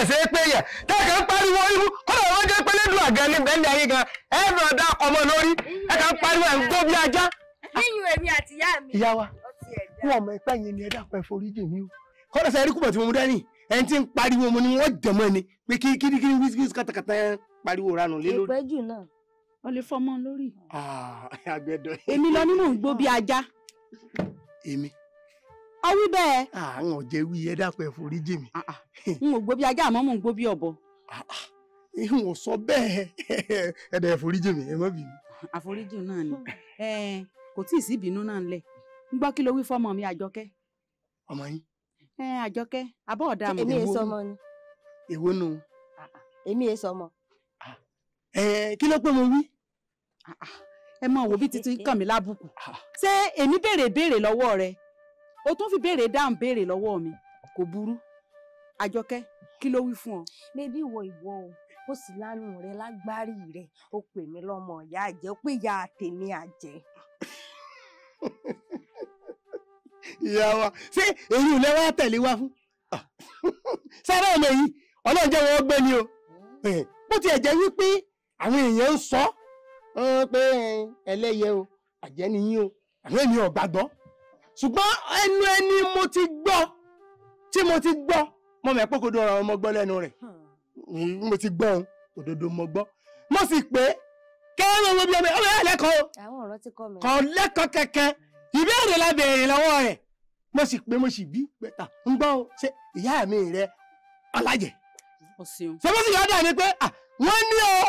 èèyàn ṣe é pé èèyàn tẹ́ẹ̀kẹ́ ń pariwo irú kọ́nà wọn jẹ́ pé lẹ́dùn àgẹ́ ní bẹ́ẹ̀lì ayé gan ẹ bẹ̀ ọ̀dà ọmọ lórí ẹ kà ń pariwo ẹ̀ ń gbó bí ajá. yíyún èmi àti ìyá mi. ìyá wa wọn ọmọ ẹgbẹ́ yẹn ni ẹ dàpọ̀ ẹ forí jì o kọ́nà sẹ́yìn rúkúbọ̀ tí mo mú dání ẹni tí ń pariwo mo ni wọ́n jẹ̀mọ́ ẹni pé kí kí kí wíṣíwíṣí kàtàkàtà yẹn pariwo ranù lé lórí. ìpẹ́jù náà wọ́n lè fọmọ lórí. Ah, ọwí bẹ́ẹ̀. àwọn ọ̀jẹ̀ wí ẹ dákun ẹ forí jì mí. Ah, ah. n ò gbó bí ajá àmọ́ mò ń gbó ọ̀bọ. Ah, n ò sọ bẹ́ẹ̀ ẹ dẹ̀ forí jì mí ẹ má bì mí. náà ni kò tí ì sí ìbínú náà ńlẹ̀ ń gbọ́ kí ló wí fọ́mọ mi àjọkẹ́. ọmọ yín. àjọkẹ́ abọ́ ọ̀dà àmọ́ èmi èso ọmọ ni. èwo nu. èmi èso ọmọ. kí ló pé mo wí ẹ mọ wo bí titun kàn mí lábùkù ṣé èmi béèrè béèrè lọ́wọ́ rẹ o tún fi béèrè dáhùn béèrè lọ́wọ́ mi kò burú àjọkẹ́ kí ló wí fún ọ. bébí ìwọ ìwọ o ó sì lánú rẹ lágbárí rẹ ó pè mí lọmọ ìyá àjẹ ó pè ìyá tèmi àjẹ. ìyá wa ṣé èyí ò lẹ́wọ́ tẹ̀lé wa fún. sára ọmọ yìí ọlọ́run jẹ́ wọn gbé ni o eh, bó tiẹ̀ jẹ́ wípé àwọn èèyàn ń sọ pé ẹlẹ́yẹ o àjẹ́ nìyí o àwọn ènìyàn ò gbàgbọ́ ṣùgbọ́n ẹnu ẹni mo ti gbọ́ tí mo ti gbọ́ mo mẹ́ pókòdó ọ̀rọ̀ ọmọ gbọ́ lẹ́nu rẹ̀ hmm. mo ti gbọ́ òun òdodo mo gbọ́ mo sì pé kẹ́rọ̀ wo bí ọmọ ọmọ ẹ̀ lẹ́kọ̀ọ́ kọ́ lẹ́kọ̀ọ́ kẹ̀kẹ́ ìbéèrè la béèrè lọ́wọ́ rẹ̀ mo sì pé mo sì bí pẹ̀tà ń gbọ́ ṣe ìyá mi rẹ̀ ọlájẹ̀ ṣe mo sì yọ̀ ọ́ dà ní pé wọ́n ní o.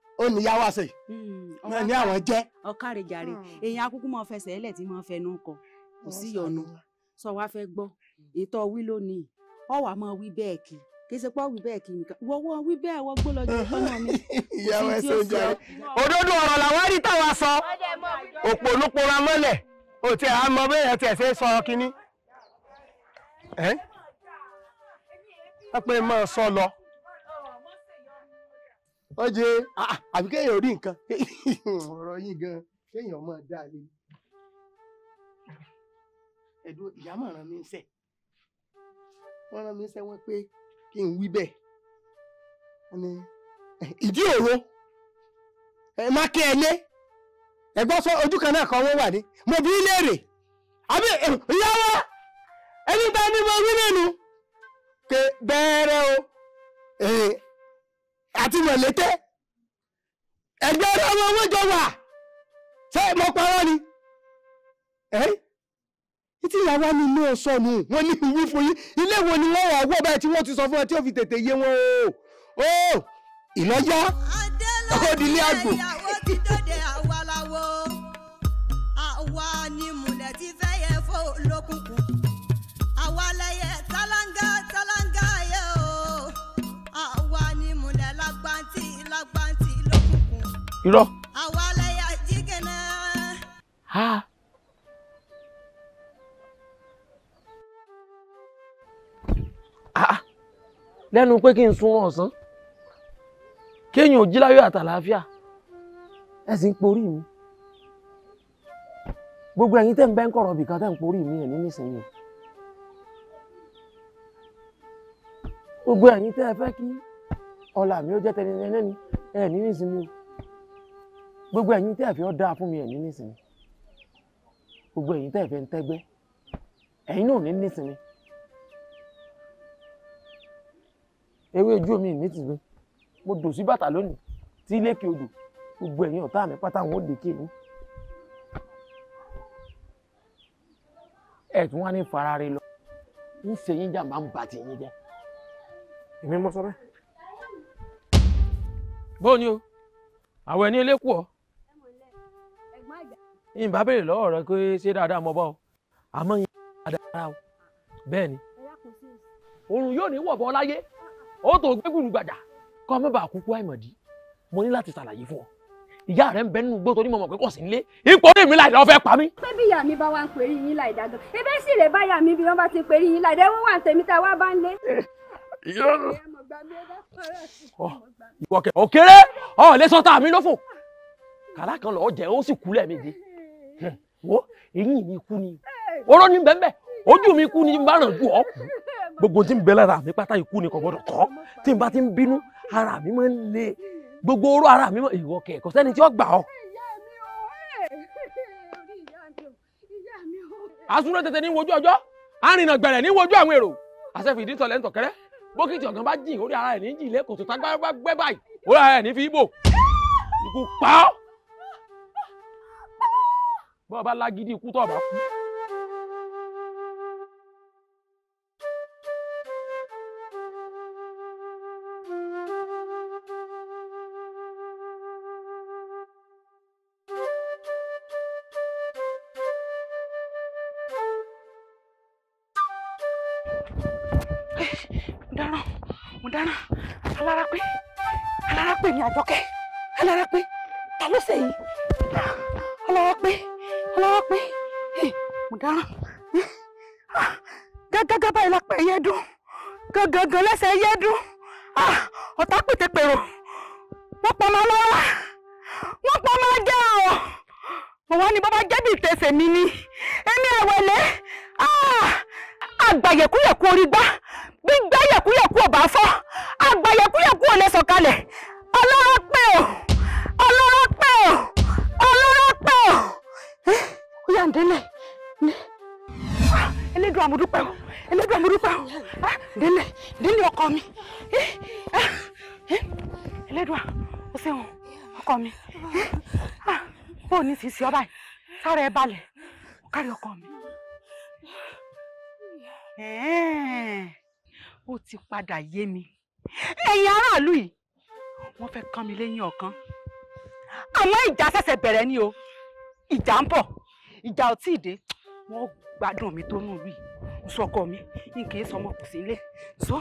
ó ní yá wá sí i hmm, ní àwọn jẹ́. ọ̀kàrẹ̀ jàre hmm. èèyàn akúkú máa fẹsẹ̀ ẹlẹ̀ tí máa fẹnu kọ kò sí yọnu sọ wá fẹ́ gbọ́ ètò wí lónìí ọ̀wà máa wí bẹ́ẹ̀ kì í kì pọ́ wí bẹ́ẹ̀ kì í nìkan wọ́wọ́ wí bẹ́ẹ̀ wọ́n gbó lọ jẹ́ ọ̀nà mi. ìyàwó ẹsẹ̀ ń jẹ́ òdodo ọ̀rọ̀ làwọn rí táwa sọ òpòlúpo ra mọ́lẹ̀ òtí ẹ̀ á mọ bẹ́ẹ̀ ẹ pé mọ́ ọ sọ ó jẹ àbí kéèyàn orí nǹkan ọ̀rọ̀ yín gan kéèyàn ọmọ dáa lé ẹ̀dùn ràn mí ń sẹ̀ wọ́n rán mi sẹ́ wọ́n pé kí n wí bẹ́ẹ̀ ìdí òro ẹ má kí ẹ lé sọ ojú kan náà wọ́n wà ní mo bí léèrè o. àti mọ̀lété ẹgbẹ́ ọ̀rọ̀ ọmọ owó jọ wà ṣé mo parọ́ ni títí ìyàwó mi ló sọ nù wọn ní ìwí fún yín ilé wo ni wọn wà wọ báyìí tí wọn ti sọ fún ẹ tí ó fi tètè yé wọn o ó ìlọ́yà òdìlé àgbò. ìyàwó ti dóde ni múlẹ̀ ti fẹ́ yẹ fún olókùnkùn àwa lẹ́yìn. irọ́. ha. Ah, lẹ́nu pé kí n sunrun ọ̀sán kéèyàn ò jí láyọ̀ àtàlàáfíà ẹ sì ń porí mi gbogbo ẹ̀yin tẹ́ ń bẹ́ ń kọ̀rọ̀ bìkan tẹ́ ń porí mi ẹ̀ ní nísìnyí gbogbo ẹ̀yin tẹ́ ẹ fẹ́ kí ọlà mi ó jẹ́ tẹni ẹlẹ́ni ẹ̀ ní nísìnyí o gbogbo ẹ̀yin tẹ́ ẹ̀ fi ọ́ dáa fún mi ẹ̀ ní nísìnyí gbogbo ẹ̀yin tẹ́ ẹ̀ fi ń tẹ́gbẹ́ ẹ̀yin náà ní nísìnyí ewé ojú omi ní tìgbẹ́ mo dò sí bàtà lónìí tí lékè odò gbogbo ẹ̀yin ọ̀tá mi pátá wọn ò lè kéèyàn ẹ̀ tún wá ní farare lọ ń ṣe yín jàmbá ń bàtì yín jẹ́ èmi mọ́ sọ bẹ́ẹ̀. bó o ní o àwọn ẹni eléku ọ yín bá béèrè lọ́wọ́ rẹ pé ṣé dáadáa mo bá ọ àmọ́ yín dáadáa o bẹ́ẹ̀ ni oòrùn yóò ní wọ̀bọ láyé ó tó gbé gbùrù gbàdà kọ́ mọ́ bá kúkú àìmọ̀dí mo ní láti ṣàlàyé fún ọ ìyá rẹ ń bẹ nínú gbótó ní mọ̀mọ́ pé kò sí nílé ipò ní mi láìdá ọ̀fẹ́ pa mí. pé bí ìyá mi bá wá ń pèrè yín láìdá gan ebí sì lè bá ìyá mi bí wọ́n bá ti pèrè yín láìdá ẹ̀wọ̀n wà tèmi tá a wá bá ń lé. ìwọ kẹ òkèrè ọ lè sọ tá a mi lófò kàlá kan lọ jẹ ó sì kú lẹ́ẹ̀mejì wo eyín mi kú ni oró ní bẹ́ẹ̀ bẹ́ẹ̀ ojú mi kú ni bá ràn ju ọ kú gbogbo tí ń bẹ lára mi pátá ikú ni kò gbọdọ̀ tọ́ tí n bá ti ń bínú ara mi máa ń le gbogbo oró ara mi máa ìwọ kẹ sẹ́ni tí ó gbà ọ. asúná tètè ní wojú ọjọ́ arìnà gbẹ̀rẹ̀ ní wojú àwọn èrò àṣẹfìdí tọ̀lẹ̀ ń tọ̀kẹ́rẹ́ bókìtì ọ̀gán bá jìn orí ara ẹ̀ ní jìn lẹ́kọ̀ọ́ tó tágbá gbẹ́ báyìí orí ara ẹ̀ ní fi ibò ikú pa ọ́ bọ́ ọ bá lágídí ikú tó ọ bá kú. mo dáná mo dáná ni pé àjọkẹ́. padà yé mi ẹ̀yin aráàlú yìí wọ́n fẹ́ kán mi lẹ́yìn ọ̀kan àmọ́ ìjà ṣẹ̀ṣẹ̀ bẹ̀rẹ̀ ni o ìjà ń bọ̀ ìjà ò tíì dé wọ́n gbádùn mi tó nù rí ìsọkọ mi n kì í sọmọ kù sílé so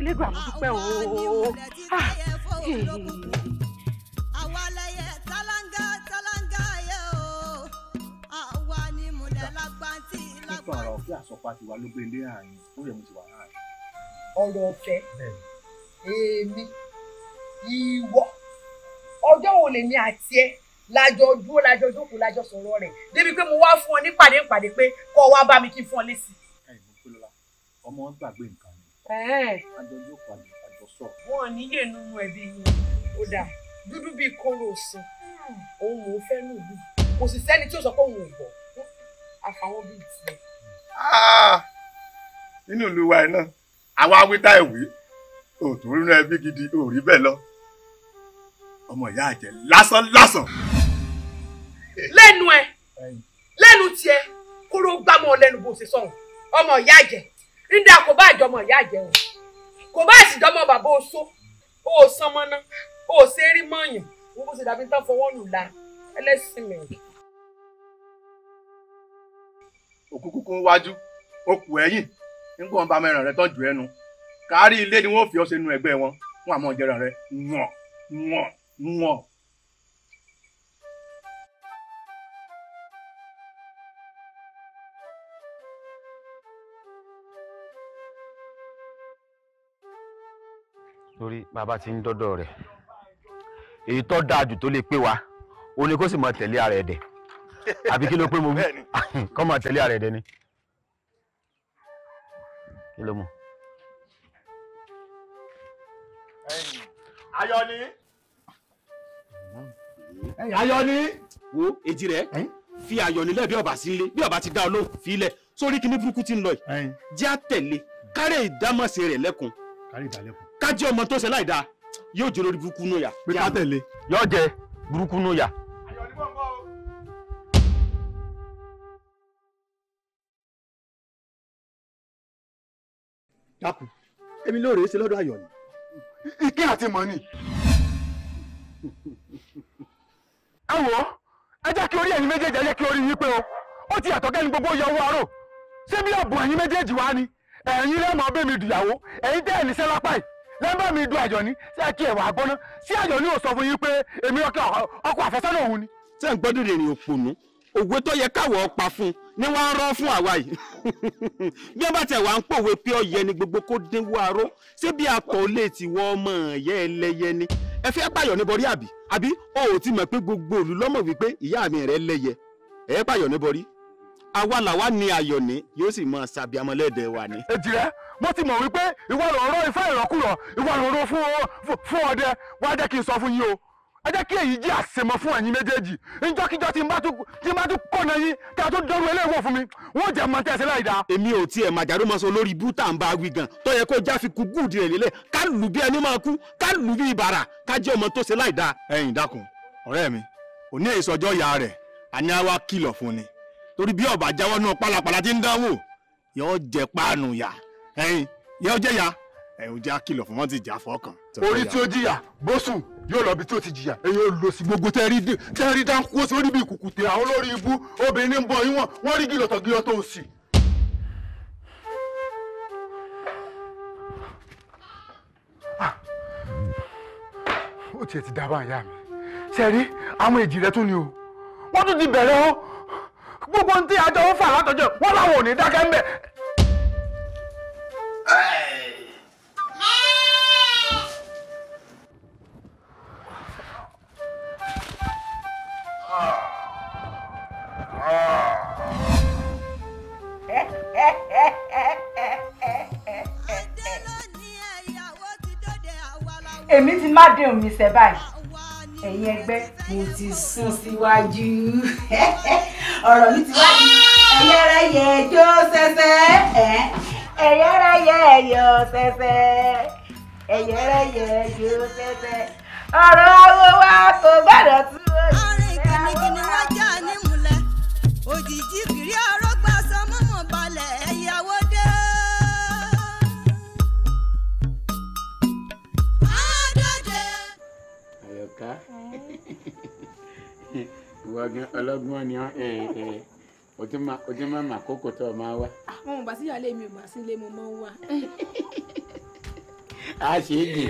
elédùn àmúdúpẹ́ ooo àwa lẹyẹ kí àsọpá ti wá ló gbé àárín ó yẹ mo ti wà láàárín ọ̀rọ̀ ọ̀fẹ́ èmi ìwọ ọjọ́ wo lèmi àti ẹ lájọ dúró lájọ jókòó lájọ sọ̀rọ̀ rẹ̀ débi pé mo wá fún ọ ní pàdé pàdé pé kọ́ wá bá mi kí n fún ọ lésì. ọmọ gbàgbé nǹkan ni àjọ jókòó àjọ sọ. wọn ní yẹnu ẹbí yìí ó dáa dúdú bíi kóró òsùn òun ò fẹ́ nù bí kò sì sẹ́ni tí ó sọ pé òun ò bọ̀ àfàwọn bíi tiẹ̀. inú ah, ìlú wa náà àwa awítá ìwé òtún rínú ẹbí gidi òrí bẹ́ẹ̀ lọ ọmọ ìyá àjẹ lásán lásán. lẹ́nu ẹ lẹ́nu tiẹ̀ kóró gbámọ́ lẹ́nu bó ṣe sọ̀rọ̀ ọmọ ìyá àjẹ rídà kò bá àjọmọ ìyá àjẹ o kò bá àṣìjọmọ bàbá oṣó o ò san mọ́ná o ò ṣe é rí mọ́yàn wọ́n bó ṣe dàbí tán fọwọ́ nù la ẹlẹ́sìn mi. òkú kúkú wájú okùn ẹ̀yìn nígbà wọn bá mẹ́ràn rẹ tọ́jú ẹnu kárí ilé ni wọ́n fi ọ́ sínú ẹgbẹ́ wọn fún àmọ́ ìjẹran rẹ wọ̀n wọ̀n wọ̀n. torí bàbá ti ń dọ́dọ̀ rẹ̀ èyí tó dáa jù tó lè pé wa o ní kó sì máa tẹ̀lé ara ẹ̀ dẹ̀ àbí kí ló pé mo kọ́ máa tẹ̀lé ara ẹ̀ dẹ̀ ni ló mọ̀. ayọ̀ni. ayọ̀ni. wo èjì rẹ̀ fi ayọ̀ni lẹ̀ bí ọba sí ilé bí ọba ti dá olóhùn fi ilẹ̀ sórí kíní burúkú ti ń lọ yìí jẹ́ àtẹ̀lé kárẹ̀ ìdámọ̀sẹ̀ rẹ̀ lẹ́kùn kájí ọmọ tó ṣe láì dáa yóò jẹ́ lórí burúkú nù yà. pé ká tẹ̀lé. yóò jẹ burúkú nù yà. dákun èmi lóore ṣe lọ́dọ̀ ayọ̀ ni. ike àti mọ̀ ni. ẹ wò ó ẹ jẹ́ kí orí ẹ̀yin méjèèjì ẹ jẹ́ kí orí yín pé o ó ti yàtọ̀ kẹ́ni gbogbo yọ owó aró ṣé bí ọ̀bùn ẹ̀yin méjèèjì wá ni ẹ̀yin lẹ́mọ̀ bẹ́ẹ̀ mi dùyàwó ẹ̀yin tẹ́ ẹ̀ níṣẹ́ lápá yìí lẹ́mọ̀ mi du àjọ ni ṣé kí ẹ wà gbọ́ná sí àjọ ni ò sọ fún yín pé èmi ọkọ àfẹ́sọ́nà òun ni. ṣé ń gbọ́dọ̀ rìnrìn òpònú òwe tó yẹ káwọ̀ ọ ni wọ́n á rán fún àwa yìí bí wọ́n bá tẹ̀ wá ń pòwe pé ọ̀yẹ́ ni gbogbo kó dínwó aró ṣé bí àkọọ́lẹ̀ tí wọ́n mọ̀ ẹ̀yẹ́ ẹlẹ́yẹ ni ẹ fẹ́ báyọ̀ ní bọrí àbí àbí o ò ti mọ̀ pé gbogbo òlù lọ́mọ̀ wípé ìyá mi rẹ̀ lẹ́yẹ ẹ báyọ̀ ní bọrí àwa làwa ni ayọ̀ ní yóò sì mọ sàbí amọ̀lẹ́dẹ̀ wa ni. èjì rẹ mo ti mọ̀ wípé ìwọ ló rọ ìfẹ́ ìrọ́kùrọ̀ ìwọ fún ọdẹ wá jẹ́ kí n sọ fún yín o ẹ jẹ́ kí èyí jẹ́ àsèmọ̀ fún ẹ̀yin méjèèjì níjọ́kíjọ́ tí n bá tún kọ̀nà yín kí a tó dọ́rùn eléwọ̀ fún mi wọ́n jẹ́ mọ́ tẹ́sí láì dá. èmi ò tiẹ̀ màjàdó máa sọ lórí bútà ń bá wí gan tó yẹ kó já fi ku gúùdì rẹ̀ lélẹ̀ ká lù bí ẹni máa kú ká lù bí ìbàrà ká jẹ́ ọmọ tó ṣe láì dá. ẹ̀yin dákun ọ̀rẹ́ mi òní ìsọjọ́ ìyá rẹ̀ àní àwa kìlọ̀ fún ni torí bí ọba jáwọ́ náà pálapàla ti ń dánwò yóò jẹ páànù yá ẹ̀yin yóò jẹ́ yá ẹ̀ ò jẹ́ àkìlọ̀ fún orí tí ó jìyà bó sùn yóò lọ bí tí ó ti jìyà èyí ò lọ sí gbogbo tẹ́rí tẹ́rí dáńkó sórí bí kùkùté àwọn olórí ibú obìnrin ń bọ̀ yín wọ́n wọ́n rí gílọ̀tọ̀ gílọ̀tọ̀ òsì. Ah! ó tiẹ̀ ti dábàá ìyá mi ṣẹ́rí àwọn èjì rẹ tún ni o wọ́n tún ti bẹ̀rẹ̀ o gbogbo ohun tí àjọ ń fà látọjọ́ wọ́n láwọn ò ní dákẹ́ ń bẹ̀ má dẹ̀hùn mi sẹ́ báyìí ẹ̀yin ẹgbẹ́ mo ti sún síwájú ọ̀rọ̀ mi ti wájú ẹ̀yẹ ara yẹ ẹjọ́ sẹ́sẹ́ ẹ̀yẹ ara yẹ ẹ̀yọ sẹ́sẹ́ ẹ̀yẹ ara yẹ ẹjọ́ sẹ́sẹ́ ọ̀rọ̀ owó wa kò gbọ́dọ̀ tú òṣìṣẹ́ àwọn. ọlọ́gbọ́n ni o ti máa mà kókò tó o máa wá. àwọn ah, ò bá sí ìyáálé mi ò bá sí ilé mo máa ń wá. a ṣe é dì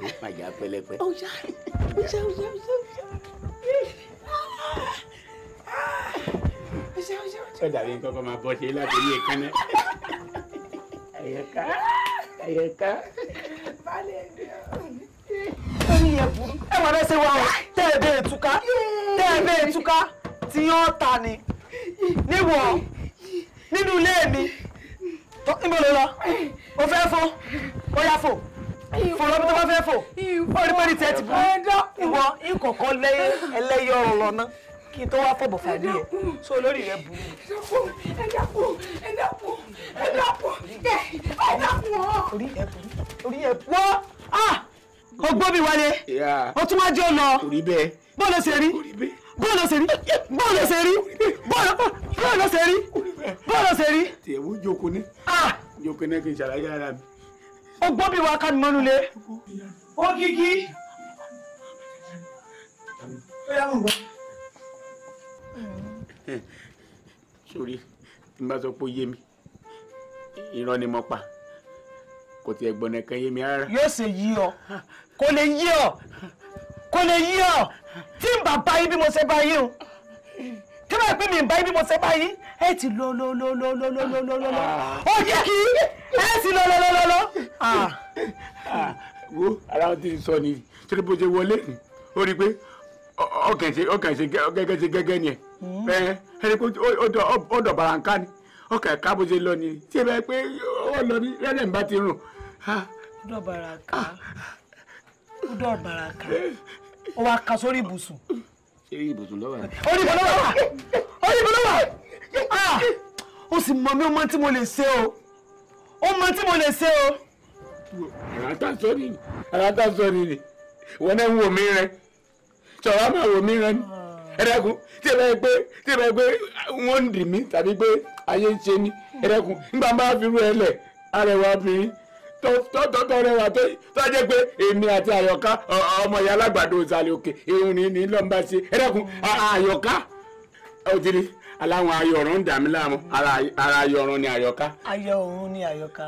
ní pàjá pẹlẹpẹ. ọjà ọjà ọjà ọjà ọjà. ó dàbí nǹkan kan máa bọ́ ṣe láti ní ìkànnì. ẹ̀yẹ̀ká ẹ̀yẹ̀ká. balẹ̀ mi o ẹ wà bẹ́ẹ̀ ṣe wà ó tẹ́ẹ̀bẹ́ ìtúká tẹ́ẹ̀bẹ́ ìtúká tí yóò ta ni níwọ̀ nínú ilé mi níbo ló lọ o fẹ́ fò ó yá fò fò lọ́bí tó bá fẹ́ fò ó rí pẹ́ẹ́lí tẹ́ẹ̀tì bú ìwọ ìkọ̀kọ́ ẹlẹ́yẹ ọ̀rọ̀ lọ́nà kí n tó wá fọ̀bọ̀ fàdí ẹ̀ so olórí rẹ̀ burú. ẹ dákun ẹ dákun ẹ dákun ẹ dákun ọ. orí ẹ burú orí ẹ burú. wọ́n á. Ah! o gbó mi wálé o tún wáá jẹ́ ọ lọ bọ́ọ̀lù ṣe rí bọ́ọ̀lù ṣe rí bọ́ọ̀lù ṣe rí bọ́ọ̀lù ṣe rí bọ́ọ̀lù ṣe rí. tèwú jókòó ní ah! jókòó ní kí ṣàlàyé ara mi. o gbó mi wá kánu mọ́nu lé Òkìkí. sórí n bá sọ pé ó yé mi irọ́ ni mo pa kò tiẹ̀ gbọ̀nà kan yé mi rárá. yóò ṣe yí ọ ah! kò lè yí ọ kò lè yí ọ tí n bá bá yín bí mo ṣe bá yín o tí wọ́n pè mí n bá yín bí mo ṣe bá yín ẹ ti lọ lọ lọ lọ lọ lọ lọ lọ lọ lọ ó yẹ kí ẹ ti lọ lọ lọ lọ lọ. wo ara wọn ti sọ ni torí bó ṣe wọlé ó rí i pé ọkàn ṣe ọkàn ṣe gẹ́gẹ́ ṣe gẹ́gẹ́ ni ẹ ẹ ẹni pé ó dọ̀ baranká ni ọkàn ẹ̀ka bó ṣe lọ ni tí ẹ bá pé ó lọ ní rẹ́rẹ́ ń bá ti rùn. dọ̀ baranká ó dọ̀ baraka ó wá ka sórí ibùsùn. sórí ibùsùn lọ́wọ́ rẹ̀. orí ibùsùn lọ́wọ́ orí ibùsùn lọ́wọ́ ó ah! sì mọ̀ mí ó mọ̀ tí mo lè ṣe o ó mọ̀ tí mo lè ṣe o. àràtà sọ́ni ni àràtà sọ́ni ni wọn náà ń wò mí rẹ sọ̀rọ̀ àmà wò mí rẹ ni ẹ̀rẹ́kùn tí ẹ bá yẹ pé tí ẹ bá yẹ pé wọ́n ń dì mí tàbí pé ayé ń ṣe ni ẹ̀rẹ́kùn nígbà máa fi rú ẹ lẹ̀ arẹwà obìnrin tó rẹwà tó jẹ́ pé èmi àti àyọ̀ká ọmọ ìyá alágbàdo ìsàlẹ̀ òkè irun ni ní lọ́nba ṣe ẹ̀rẹ́kun àyọ̀ká òtítì aláwọn ayọ̀rún ń dà mí láàmú ara ayọ̀rún ni àyọ̀ká. ayọ̀ òun ni àyọ̀ká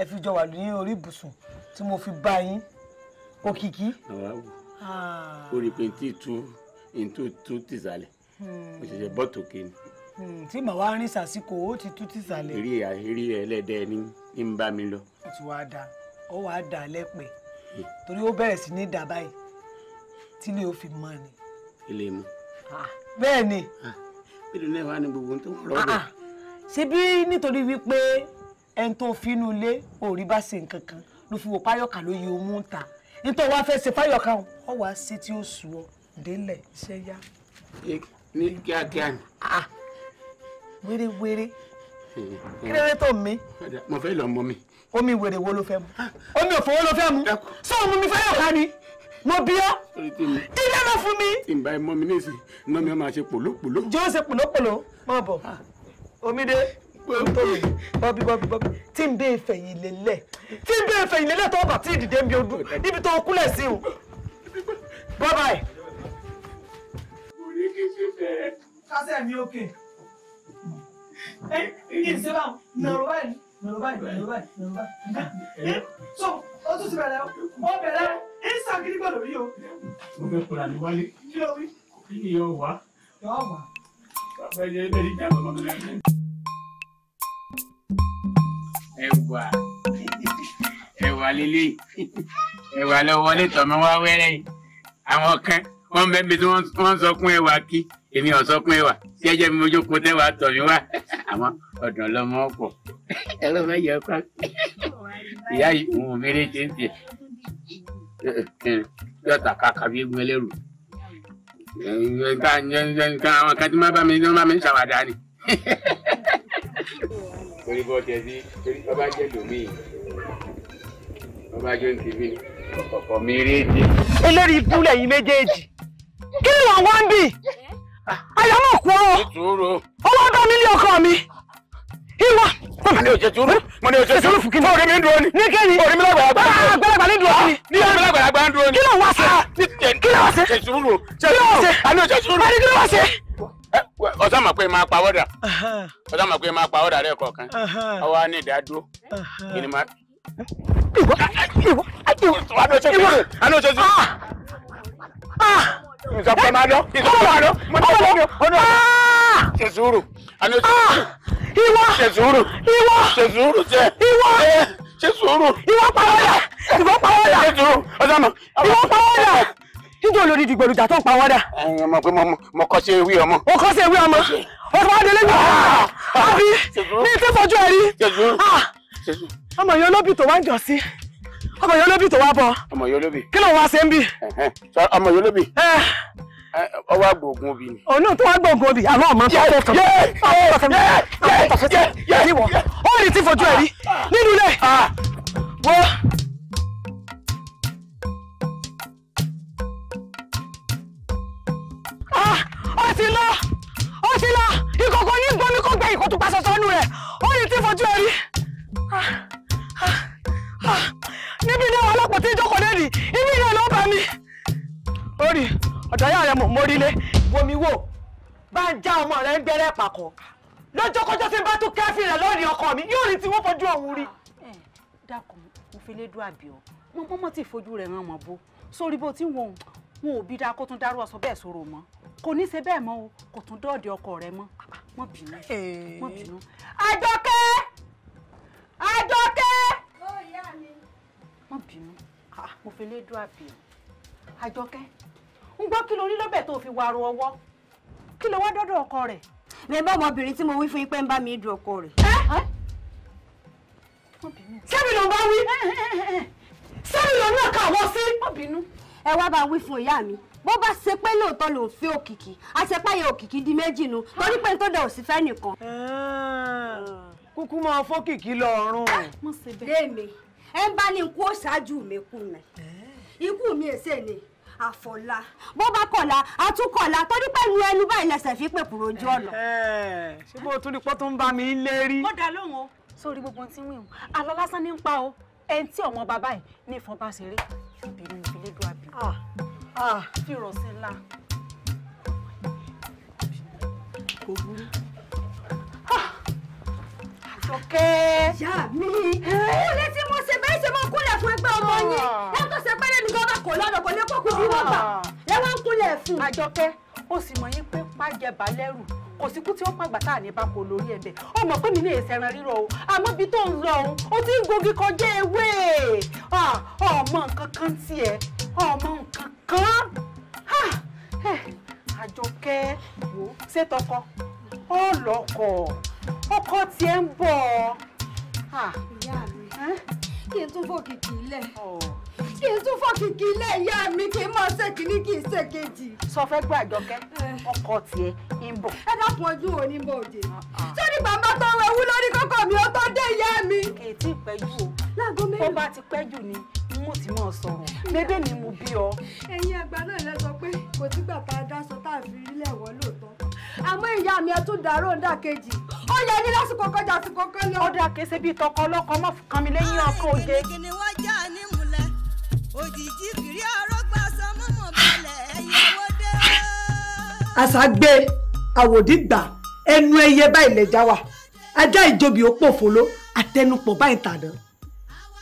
ẹ fi jọ wà ní orí ibùsùn tí mo fi bá yín òkìkí. orí ah. pé n tí tu n tó tu tìsàlẹ̀ hmm. mo ṣẹ̀ṣẹ̀ bọ́ tòkè ni. Hmm, tí màá wá rìn sàsìkò ó ti tú tìsàlẹ̀. eré eré ẹlẹ́dẹ̀ ni ń bá mi lọ. ó ti wá da ó wàá dà lẹ́pẹ̀ hmm. torí ó bẹ̀rẹ̀ sí ní dà báyìí tí ilé ó fi mọ́ ni. ilé mu. bẹ́ẹ̀ ni. bẹ́ẹ̀ ni wàá ní gbogbo tó ń rọ́ọ̀dọ̀. ṣebí nítorí wípé ẹni tó finú ilé ò rí bá ṣe nǹkan kan ló fi wò páyọ̀kà ló yẹ omu ń ta nítorí wàá fẹ́ ṣe páyọ̀kà ó wàá ṣe tí ó sùn ọ́ délẹ̀ iṣẹ́ yá. ní kíákíá ni wérewére kí lóore tó mi. mo fẹ́ lọ mọ mi. omi wèrè wo ló fẹ́ mu ah. omi òfòwò ló fẹ́ mu sóòmù mi fẹ́ yọ̀ ká ni mo bí ọ ilé lọ fún mi. tí n bá mọ mi nísì iná mi máa ṣe pòlópòló. jọ́ ṣe pòlópòló máa bọ̀ ah. omidé tóbi bọ́bí bọ́bí bọ́bí tí n bẹ́ẹ̀ fẹ̀yìn lélẹ̀ tí n bẹ́ẹ̀ fẹ̀yìn lélẹ̀ tó bàtí ìdìde mi odù níbi tó kúlẹ̀ sí o bye bye. mo ní kí n ṣe bẹ́ẹ̀. kásẹ̀ mi òkè. Okay n sèbá nàró báyìí nàró báyìí nàró báyìí nàró báyìí so o tún ti bẹ̀rẹ̀ o bẹ̀rẹ̀ n sàn kiri gbọ́dọ̀ bí o. mo fẹ́ kura ní wálé kí ló wí. kí ni yóò wá. yóò wá. bàbá yẹn lè jà bàbá mi lẹ́yìn. ẹwà ẹwà lélẹ́yìn ẹwà lọ wọlé wọ́n bẹ́ẹ̀ bí wọ́n sọ kún ẹwà kí èmi ò sọ pé wà tí ẹjẹ mi mojú kó tẹwàá tọ mi wá àmọ́ ọdún ọlọmọ ọ̀pọ̀ ẹ ló fẹ́ yẹ ọkọ ìyá yìí òun mi rí tiẹ̀ tiẹ̀ yọta kàkà bí egun ẹlẹ́rù nǹkan àwọn kan tí má bá mi ní wọn bá mi ṣàwádà ni. torí bọ́ jẹ sí torí bọ́ bá jẹ lòmíì bọ́ bá jọ ní tìbí ni ọ̀pọ̀ mi rí tiẹ̀. eléyìí búlẹ̀ yìí méjèèjì kí ni wọ́n wọ́n ń bì àyà mọ̀ kú ọ́ ọwọ́ bá mi ní ọkọ mi ìwọ. mo ní òjò jùlọ mo ní òjò jùlọ fún orí mi ń dúró ni. ní kí ni orí mi lágbàlagbà ń dúró. àgbàlagbà ní dúró ah, ni. ní orí mi lágbàlagbà ń dúró ni. kí ló wá sí. kí ló wá sí. kí ló wá sí. kí ló wá sí. àní òjò jùlọ. àní kí ló wá sí. ọ̀sán mọ̀ pé máa pa ọ̀dà ọ̀sán mọ̀ pé máa pa ọ̀dà rẹ̀ kọ̀ọ̀kan ọwọ́ á ní ìdádúró kí ni máa. ìwọ ìwọ ìwọ àní òjò jùlọ ìsọpọ̀ máa lọ ìsọpọ̀ máa lọ mo ní ọjọ́ ní ọjọ́ ah! ṣe sùúrù àná ah! ìwọ ṣe sùúrù ìwọ ṣe sùúrù ṣe ìwọ ṣe sùúrù ìwọ pàwọ́dà ìwọ pàwọ́dà ṣe sùúrù ọjọ́ mọ̀ ìwọ pàwọ́dà ọmọ yẹn ah! olóbì tó wá ń jọ sí ọmọ yọlóbì tó wá bọ. ọmọ yọlóbì. kí ló ń wá ṣe ń bì. ọmọ yọlọbì. ọ wá gbòògùn obì ni. òun náà tó wá gbòògùn obì àmọ́ ọmọ tó tó kàn mí. ọmọ tó kàn mí. ọmọ tó kàn mí. ìwọ ó rí tí fojú ẹ rí ah, ah. nínú ilé. Ah. ó ti lọ ó ti lọ ìkòkò ní gbomi kó gbẹ ìkòtùpá sọsọ nù rẹ ó rí tí fojú ẹ rí. Ah! níbi ilé wọn lọ́pọ̀ tí ń jókòó lẹ́rìí ibi ilé ló bá mi. ó rí ọ̀dọ̀ yàrá rẹ̀ mo rí lé. bomi wo bá ń já ọmọ rẹ ń gbẹrẹ pàkọ lọ́jọ́kọ́jọ́ tí n bá tún kẹ́fì rẹ̀ lórí ọkọ mi yóò rí tí wọ́n fojú ọ̀hún rí. ẹ dákun mo fi lé dùn àbí ọ mo mọ́mọ́ tí ìfojú rẹ̀ ràn mọ́ bó sórí bó ti wọn ò bí dáa kó tún dárú ọsọ bẹ́ẹ̀ sọ̀rọ̀ mọ́ kò ní ṣe bẹ́ẹ̀ mọ́ o kò tún dọọdẹ ọkọ rẹ̀ mọ́ mọ́ bínú mọ́ bínú. àjọkẹ́ àjọkẹ́ má bínú mo fi lédú àbí àjọkẹ́ ń gbọ́ kí ló rí lọ́bẹ̀ tó fi wàrò ọwọ́ kí ló wá dọ́dọ̀ ọkọ rẹ̀. bẹ́ẹ̀ bá ọmọbìnrin tí mo wí fún yín pé ń bá mi du ọkọ rẹ̀. sẹ́mi ló ń bá wí sẹ́mi ló ń lọ́ka àwọ̀ sí. má bínú. ẹ wá bá wí fún ìyá mi bó bá ṣe pé lóòótọ́ ló ń fẹ́ òkìkí àṣepáyé òkìkí di méjì nu torí pé tó dẹ̀ ò sí fẹ́ nìkan. kúkú máa fọ́kìkí lọ mo ṣe bẹ́ẹ̀ ẹ ń bá ní kú ó ṣáájú mi kú mi ikú mi èsè ni àfọlá bó bá kọlá àtúkọlá torí pẹ̀lú ẹnu báyìí lẹsẹ̀ fi pè pòrò ojú ọ̀nà. ṣé bó o tún ní pọ́ tó ń bá mi lérí. ó dá lóhùn o sórí gbogbo ohun tí ń wí o àlọ́ lásán ní ń pa o ẹni tí ọ̀wọ́n bàbá ẹ̀ ní ìfọ̀n bá ṣeré obìnrin ìfilé dùn àbí. Ah. Ah, fìrọ̀ sí ńlá. kò burú. Ah, àjọkẹ́. ìyá mi. ó lè ti mọ ṣe máa kúnlẹ̀ fún ẹgbẹ́ ọmọ yín lẹ́yìn ah. tó ṣe pé lẹ́nu gọ́dọ̀ kò lọ́dọ̀ kò ní kó kú bí wọ́n gbà lẹ́wọ́n ń kúnlẹ̀ fún. àjọkẹ́ ó sì mọ̀ yín pé pàjẹbà lẹ́rù kò sí tí ó pàgbà tá ní bá kó lórí ẹ̀ bẹ́ẹ̀ pé mi ní èsì ẹran rírọ̀ o àmọ́ ibi tó ń lọ òun ó ti ń gogi kọjá ewé ọmọ nǹkan kan tiẹ̀ ọmọ nǹkan kan àjọkẹ́ wo ṣé tọkọ ọ lọkọ ọkọ tiẹ̀ ń bọ̀ ọ. ìyá mi kí n tún fòkìkì ilẹ̀ kí n tún fòkìkì ilẹ̀ ìyá mi kí n máa ṣe kìíní kí n ṣe sọ fẹ́ gbọ́ àjọkẹ́ eh. ọkọ tiẹ̀ ń bọ̀. ẹ dákun ojú wo ni bọ̀ òde sórí ah, ah. bàbá tó ń wẹ̀wú lórí kókó mi ó tó dé ìyá mi. kì í tí ì pẹ́ jù o láago mélòó tó bá ti pẹ́ jù ni mo ti mọ̀ sọ̀rọ̀ bébè ni mo bí ọ. ẹ̀yin àgbà náà lẹ sọ pé kò tígbà tá a dá sọ tá a fi rí lẹ̀wọ́ lóòótọ́ àmọ́ ìyá mi ẹ tún dàrú ọ̀dà kejì ó yẹ ní lásìkò kọjá àsìkò kan lọ. ó dà kése bíi tọkọ ọlọkọ mọ kàn mí lẹ́yìn ọkọ oge. gẹ́gẹ́ wọ́n àwòdì gbà ẹnu ẹyẹ báyìí lẹja wa ajá ìjòbí ó pòfolo àtẹnupọ̀ báyìí tàdán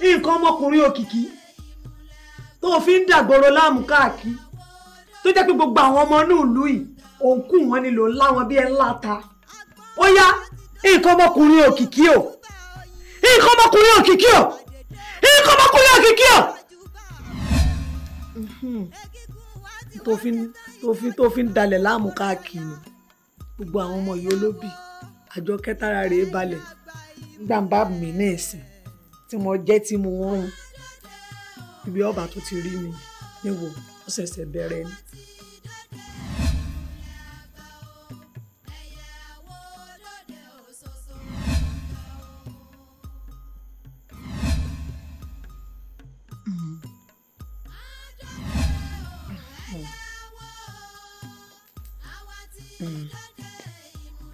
nǹkan ọmọkùnrin òkìkí tó fi ń dàgbòrò láàmú káàkiri tó jẹ́ pé gbogbo àwọn ọmọ inú ìlú yìí òǹkù wọn ni lò ń láwọn bí ẹ ńlá ta ó yá nǹkan ọmọkùnrin òkìkí o nǹkan ọmọkùnrin òkìkí o nǹkan ọmọkùnrin òkìkí o. Mhm. tó fi tó fi tó fi ń dalẹ̀ láàmú káàkiri gbogbo àwọn ọmọ yìí olóbì àjọ kẹtàrà rèé balẹ̀ gbàǹbà mi ní ẹ̀sìn tí mo jẹ́ tí mo wọ́n ibi ọba tó ti rí mi níwò ó ṣẹ̀ṣẹ̀ bẹ̀rẹ̀ ni. Mm.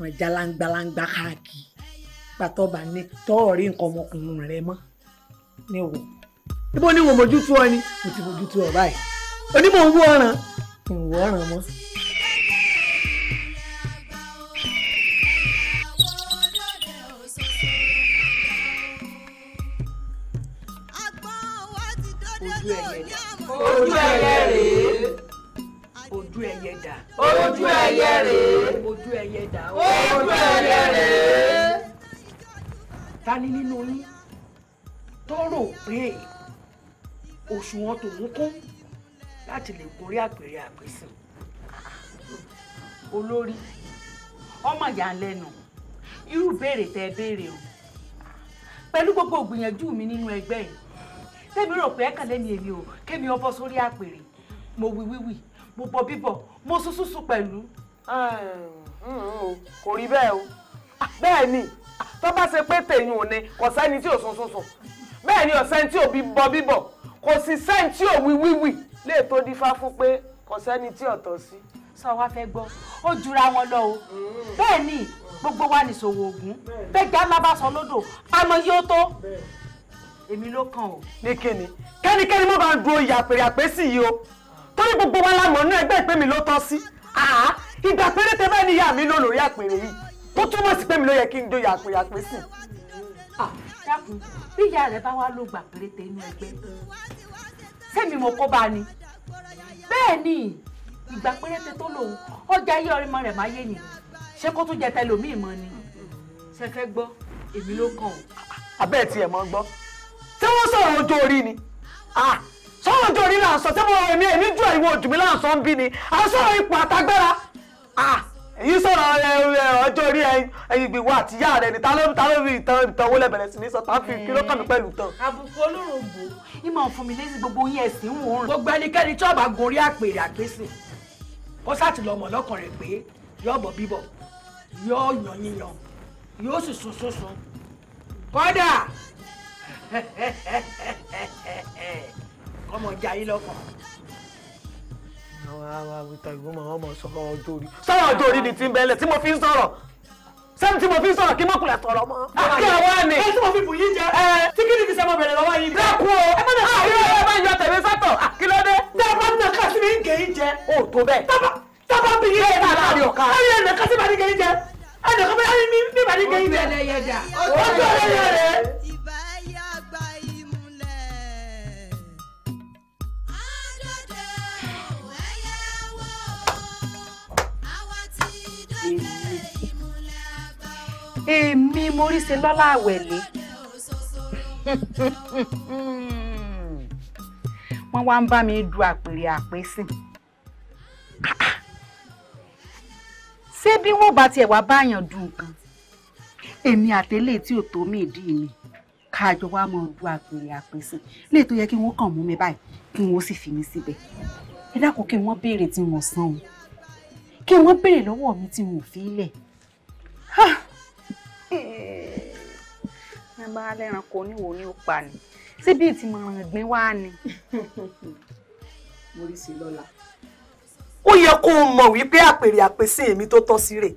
wọn jalangbalangba káàkiri pàtó bá ní tọ́ọ̀ rí nǹkan ọmọkùnrin rẹ mọ́ ní wò níbo ni wò mójútó ọ ni mo ti mójútó ọ báyìí onímọ̀ ń wọ ọ̀ràn ń wọ ọ̀ràn mọ́. pé òṣùwọ̀n tòun kún láti lè gorí àpèrè àpèsìn olórí ọmọ ìyá lẹ́nu irú béèrè tẹ béèrè o pẹ̀lú gbogbo ògbìyànjú mi nínú ẹgbẹ́ yìí tẹ́mi rò pé ẹ̀kan lẹ́ni èmi o kémi ọbọ̀ sórí àpèrè mo wí wíwì mo bọ bíbọ̀ mo súnsúnsún pẹ̀lú. Mm, mm, kò rí bẹ́ẹ̀ o bẹ́ẹ̀ ni tó bá ṣe pé tèyún ò ní kò sẹ́ni tí ò sún sún sùn bẹ́ẹ̀ ni ọ̀sẹ̀ tí òbí bọ bíbọ̀ kò sí sẹ́ni tí òwí wíwì lè tó dífá fún pé kò sẹ́ni tí ọ̀tọ̀ sí. sọ wá fẹ́ gbọ́ ó jura wọn lọ o mm. bẹ́ẹ̀ ni gbogbo wa nìṣòwò ògùn gbẹgbẹ alábàṣọ lódò àmọ́ yóò tó èmi ló kàn o. ní kíni kẹ́nikẹ́ni mo máa du oyè àpèrè àpè sí yìí o torí gbogbo wa lámọ̀ ní ẹgbẹ́ ìpè mi ló tọ́ sí ìgbà péréte bẹ́ẹ̀ ni ìyá mi ló lórí àpèrè yìí tó túmọ̀ sí pé mi ló yẹ kí n doyè àpèrè àpè sí i dákun bí ìyá rẹ bá wá ló gbà péréte inú ẹgbẹ́ sẹ́mi mo kó bá ni bẹ́ẹ̀ ni ìgbà péréte tó lòun ọjà ayé ọrẹ́mọ rẹ̀ máa yé ni ṣé kó tún jẹ tẹlòmíì mọ́ ni ṣe fẹ́ gbọ́ èmi ló kàn ọ́. abẹ́ tiẹ̀ mọ́ gbọ́ tí wọ́n sọ̀rọ̀ ojú orí ni sọ̀rọ̀ ojú orí là ń sọ tí mo rò èmi èmi jù ìwọ òjò mi là ń sọ ń bí ni à ń sọ̀rọ̀ ipò àtagbára èyí sọ̀rọ̀ ọjọ́ orí ìgbìwọ̀ àti ìyá rẹ̀ ni ta ló fi ìtàn ìtàn owó lẹ́bẹ̀rẹ̀ sí ní sọ táfì kí ló kàn mí pẹ̀lú tán. àbùkù olórògbò ìmọ̀ fún mi lẹ́sìn gbogbo yín ẹ̀sìn wò ó rìn. gbogbo ẹnikẹ́ni tí ọba gorí àpèrè àpèsè kó sàtìlọ́mọ̀ lọ́kàn rẹ̀ pé yóò bọ̀ bíbọ̀ yóò yàn yíyan yóò sì sùn sùn sùn kódà kọ́mọ jayé lọ́kàn sọ̀rọ̀ ọjọ́ orí ni ti ń bẹ̀lẹ̀ tí mo fi ń sọ̀rọ̀ sẹ́ni tí mo fi ń sọ̀rọ̀ kí mo kulẹ̀ sọ̀rọ̀ mọ́. kí àwa ni. ẹ tí mo fi bù yín jẹ. ẹ tí kí ni fi sẹ́mo bẹ̀rẹ̀ lọ́wọ́ yín. dákun o ẹ má dẹ̀ sọ̀rọ̀ yín. ẹ má yọ tẹ̀mí sọ́tọ̀ ah, kí ló dé. dábà ń nàka sí mi ń gé yín jẹ. o tó bẹ́ẹ̀. dábà dábà bí yín jẹ náà ẹ yẹ nàka sí mi ń gé yín jẹ. ẹ nàka bí yín mi ń gé yín jẹ. ojú ọ̀rẹ́ yẹn rẹ̀. èmi mo rí ṣe lọ́lá àwẹ̀lé wọ́n wá ń bá mi du àpèrè àpésìn ṣé bí wọ́n bá tiẹ̀ wá báyàn du nǹkan èmi àtẹ́lẹ̀ tí ò tó mí ìdí mi káàjọ wá mọ du àpèrè àpésìn lè tó yẹ kí wọ́n kàn mú mi báyìí kí wọ́n sì fi mí síbẹ̀ ẹ dákun kí wọ́n béèrè tí wọ́n san o kí wọ́n béèrè lọ́wọ́ mi tí wọ́n ò fi í lẹ̀ ẹ bá lẹ́ranko oníwo ni ó pa ni síbi ìtìmọ̀ràn ẹ̀gbìn wá ni. mo rí sí lọ́la. ó yẹ kó o mọ̀ wípé àpèrè àpèsè èmi tó tọ́ sí rè.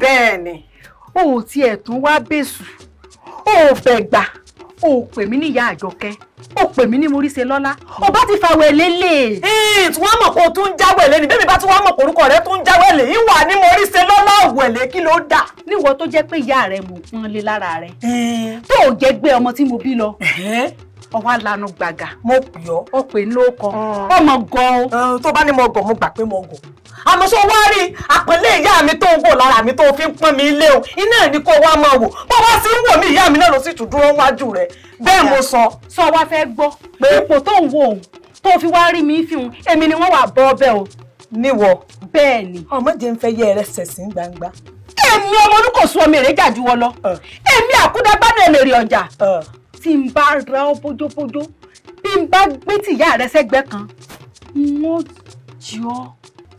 bẹ́ẹ̀ ni. o ò tiẹ̀ tún wá bẹ́sù o ò fẹ́ gbà o pè mí ní ìyá àjọkẹ́ o pè mí ní moríṣe lọ́lá o bá ti fàwẹ̀ lélẹ̀. ee tí wọ́n mọ̀ pé tún ń jáwẹ̀ lé ni bẹ́ẹ̀ bá tí wọ́n mọ̀ pé orúkọ rẹ tún ń jáwẹ̀ lé yín wà ní moríṣe lọ́lá òwẹ̀lẹ̀ kí ló dà. níwọ tó jẹ́ pé ìyá rẹ mò ń lé lára rẹ tó o jẹ́ gbé ọmọ tí mo bí lọ ọwọ́ alanu gbàgà mo yọ ọ pé ní ó kan ọmọ gan o. tó bá ní mo gàn mo gbà pé mo gàn àmọ́ so wá rí àpẹẹlẹ ìyá mi tó ń wò lára mi tó fi ń pọ́n mi ilé o iná ẹ̀ ní kó wá máa wò bó wá sí ń wò mí ìyá mi náà ló sì tún dúró wájú rẹ̀ bẹ́ẹ̀ mo sọ. sọ wá fẹ́ gbọ́ pé ipò tó ń wò òun tó fi wá rí mi fi hun èmi ni wọ́n wà bọ́ ọbẹ̀ o. níwọ. bẹ́ẹ̀ ni. ọmọ jẹ́ ń fẹ́ yẹ ẹrẹ sẹ̀sìn gbangba. èmi ọmọ olùkọ́sùn ọmọ èrè gàdúwọ́ lọ èmi àkúdágbádùn ẹlẹ́rìí ọjà tí n bá ra ọ bójóbójó bí n bá gbé tìyá rẹ sẹ́gbẹ́ kan n jí ọ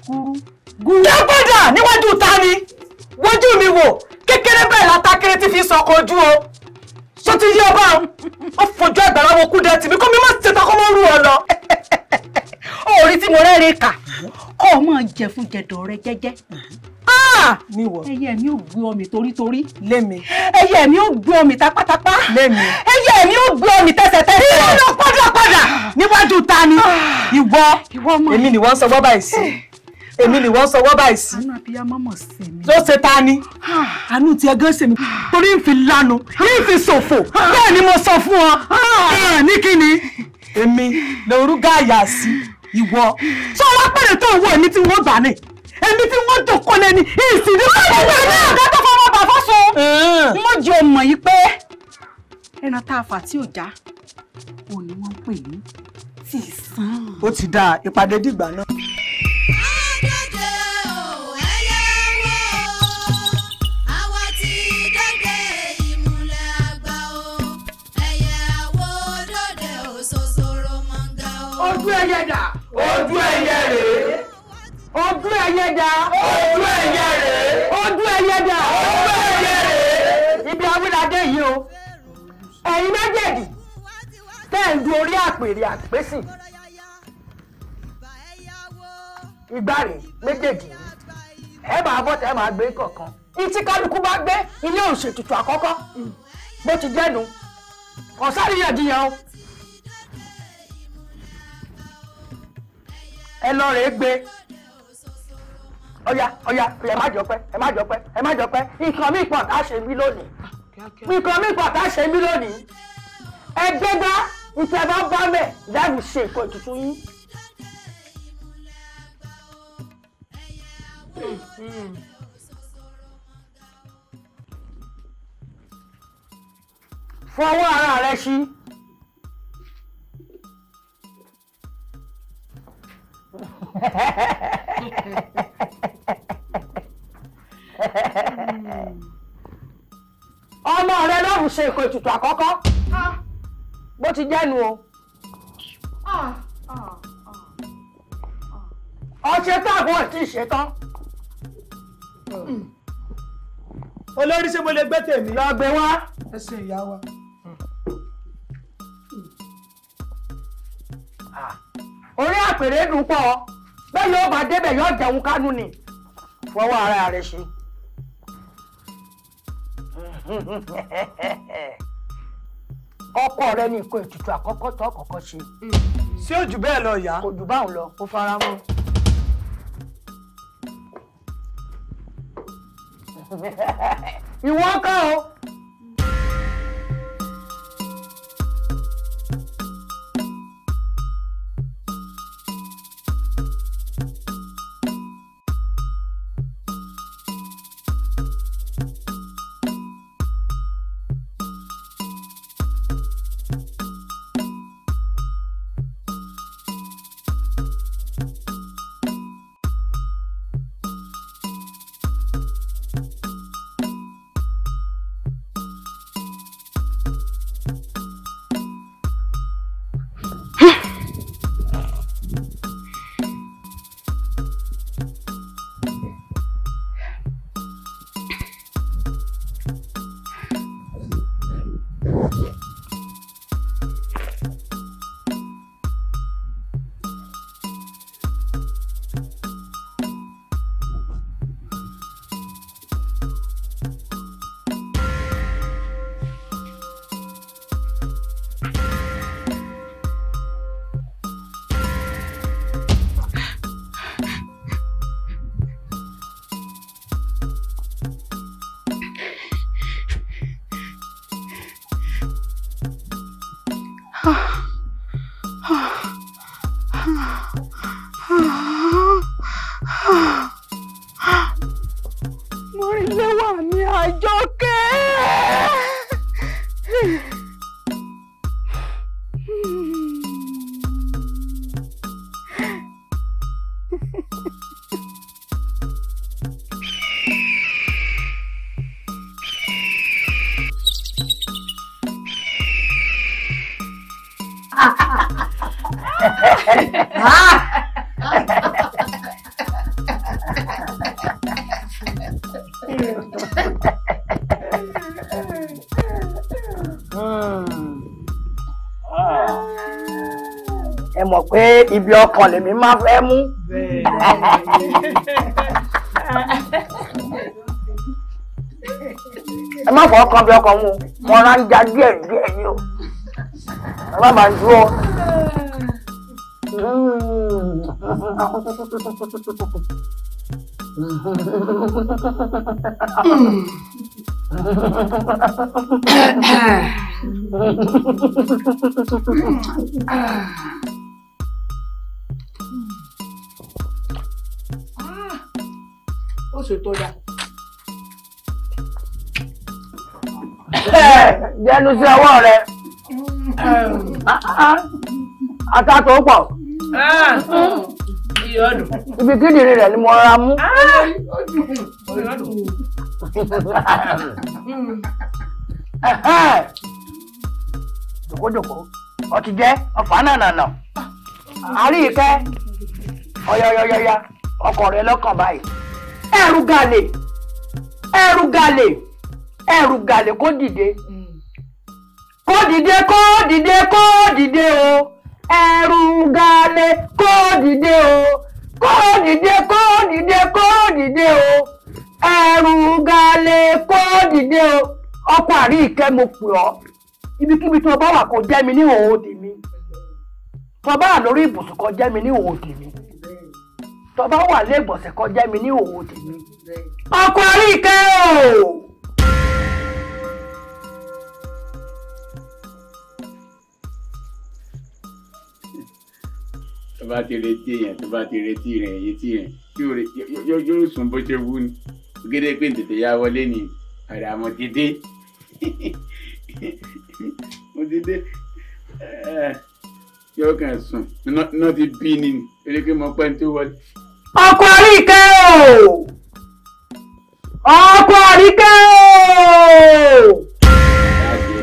gúrú gúrú. dá níwájú ta ni wojú mi wò kékeré bẹ́ẹ̀ látakéré ti fi sọkọ ojú o tó ti yí ọba ó fojú àgbàrá wo kú dẹ tìmí kó mi má ṣe takọ́ mọ́ rú ọ lọ. orí tí mo rẹ́rìí kà kọ́ ọ máa jẹ fún jẹ̀dọ̀ rẹ jẹ́jẹ́ ní ah! ìwọ. ẹyẹ mi ò gbé ọmì torítorí. lémi. ẹyẹ mi ò gbé ọmì tapátapá. lémi. ẹyẹ mi ò gbé ọmì tẹsẹtẹsẹ. ìwọ ló padà padà níwájú ta ni. Ah! ìwọ èmi ni wọ́n sọ wọ́n báyìí sí eh. èmi ni wọ́n sọ wọ́n báyìí sí. àánú àbíyá mọ́mọ́ sí mi. ló ṣe ta ni. Ah! àánú tiẹ̀ gan ṣe mi. torí ń fi lanu ń fi ṣòfò bẹ́ẹ̀ ni mo sọ fún ọ. ní kí ni. èmi lorúgà yà sí ìwọ. sọ wá pẹ̀lẹ́ tó wọ èmi tí wọ́n gbà ní ẹni tí wọ́n jòkó lé ní ìsìnkú ọ̀rọ̀ ìgbà náà kátó fọwọ́ bà fọ́sùn. wọ́n jẹ́ ọmọ yìí pé ẹran tá a fà tí ò já òun ni wọ́n pè ní tìsán. ó ti dáa ìpàdé dìgbà náà. ojú ẹyẹ dà ojú ẹyẹ rèé ojú ẹyẹ dá. ojú ẹyẹ rèé. ojú ẹyẹ dá. ojú ẹyẹ rèé. ibi awíládé yìí o ẹ̀yin méjèèjì tẹ́ ẹ̀ ń du orí àpèrè àpèsì ìgbà rẹ̀ méjèèjì ẹ máa bọ́ tẹ́ ẹ máa gbé kọ̀ọ̀kan ìtí kálukú bá gbé ilé òṣètùtù àkọ́kọ́ bó ti jẹ́nu ọ̀sárìyànjiyàn o ẹ lọ rèé gbé ọ̀yà ọ̀yà ẹ má jọ pẹ́ ẹ má jọ pẹ́ ẹ má jọ nǹkan mi pọ̀ tá a ṣe mí lónìí nǹkan mi pọ̀ tá a ṣe mí lónìí ẹ gbégbá ìtẹ̀ bá bá mẹ́ dáàbò ṣe nǹkan tuntun yín. fọwọ́ ara rẹ sí. ọmọ rẹ lọ́rùn ṣe nǹkan ètùtù àkọ́kọ́ ah. bó ti jẹ́nu o ọṣetán ah, ah, àwọn ẹ̀ tí ì ṣetán. olórí ṣé mo lè gbé tèmi. lọ gbé wá. ẹ ṣe ìyá wa. orí àpèrè dùn pọ̀ bẹ́ẹ̀ yóò bá débẹ̀ yóò jẹun kánú ni fọwọ́ ara rẹ̀ ṣe ọkọ rẹ ní nǹkan ètùtù àkọ́kọ́ tó kọ́kọ́ ṣe. ṣé o jù bẹ́ẹ̀ lọ yá. kò jù báwọn lọ. ó fara mọ́. ìwọ kọ́ o. pé ibi ọkàn lèmi máa fẹ́ mú. ẹ má fọ ọkàn bí ọkàn mu mo ra ń ja díẹ̀ díẹ̀ ni o ẹ má máa dúró. Ah. mi sí ọwọ́ rẹ ah, ah. atátó pọ̀ ah, ibi kíndìnrín rẹ̀ ni mo rọra mú. jòkójòkó ọtí jẹ́ ọ̀yọ̀yọ̀yọ̀yà ọkọ̀ rẹ̀ lọ́kàn báyìí ẹ̀rù gàlè ẹ̀rù gàlè ẹ̀rù gàlè kó dìde. kó dìde kó dìde kó dìde o ẹrù galẹ kó dìde o kó dìde kó dìde kó dìde o ẹrù galẹ kó dìde o. ọkọ àrí ìkẹ mo pè ọ ibikíbi tí ọba wà kò jẹ mi ní òun òdì mi tọba àlórí ìbùsùn kò jẹ mi ní òun òdì mi tọba wà lẹgbọnsẹ kò jẹ mi ní òun òdì mi ọkọ àrí ìkẹ o. tó bá ti retí èèyàn tó bá ti retí rẹ̀ retí rẹ̀ yóò sùn bó ṣe wú ni gédé pé tètè ya wọlé ni àrà mo ti dé mo ti dé yóò kàn sùn iná ti bí ni eré pé pẹ́ tó wọlé. ọkọ àríkẹ́ o ọkọ àríkẹ́ o.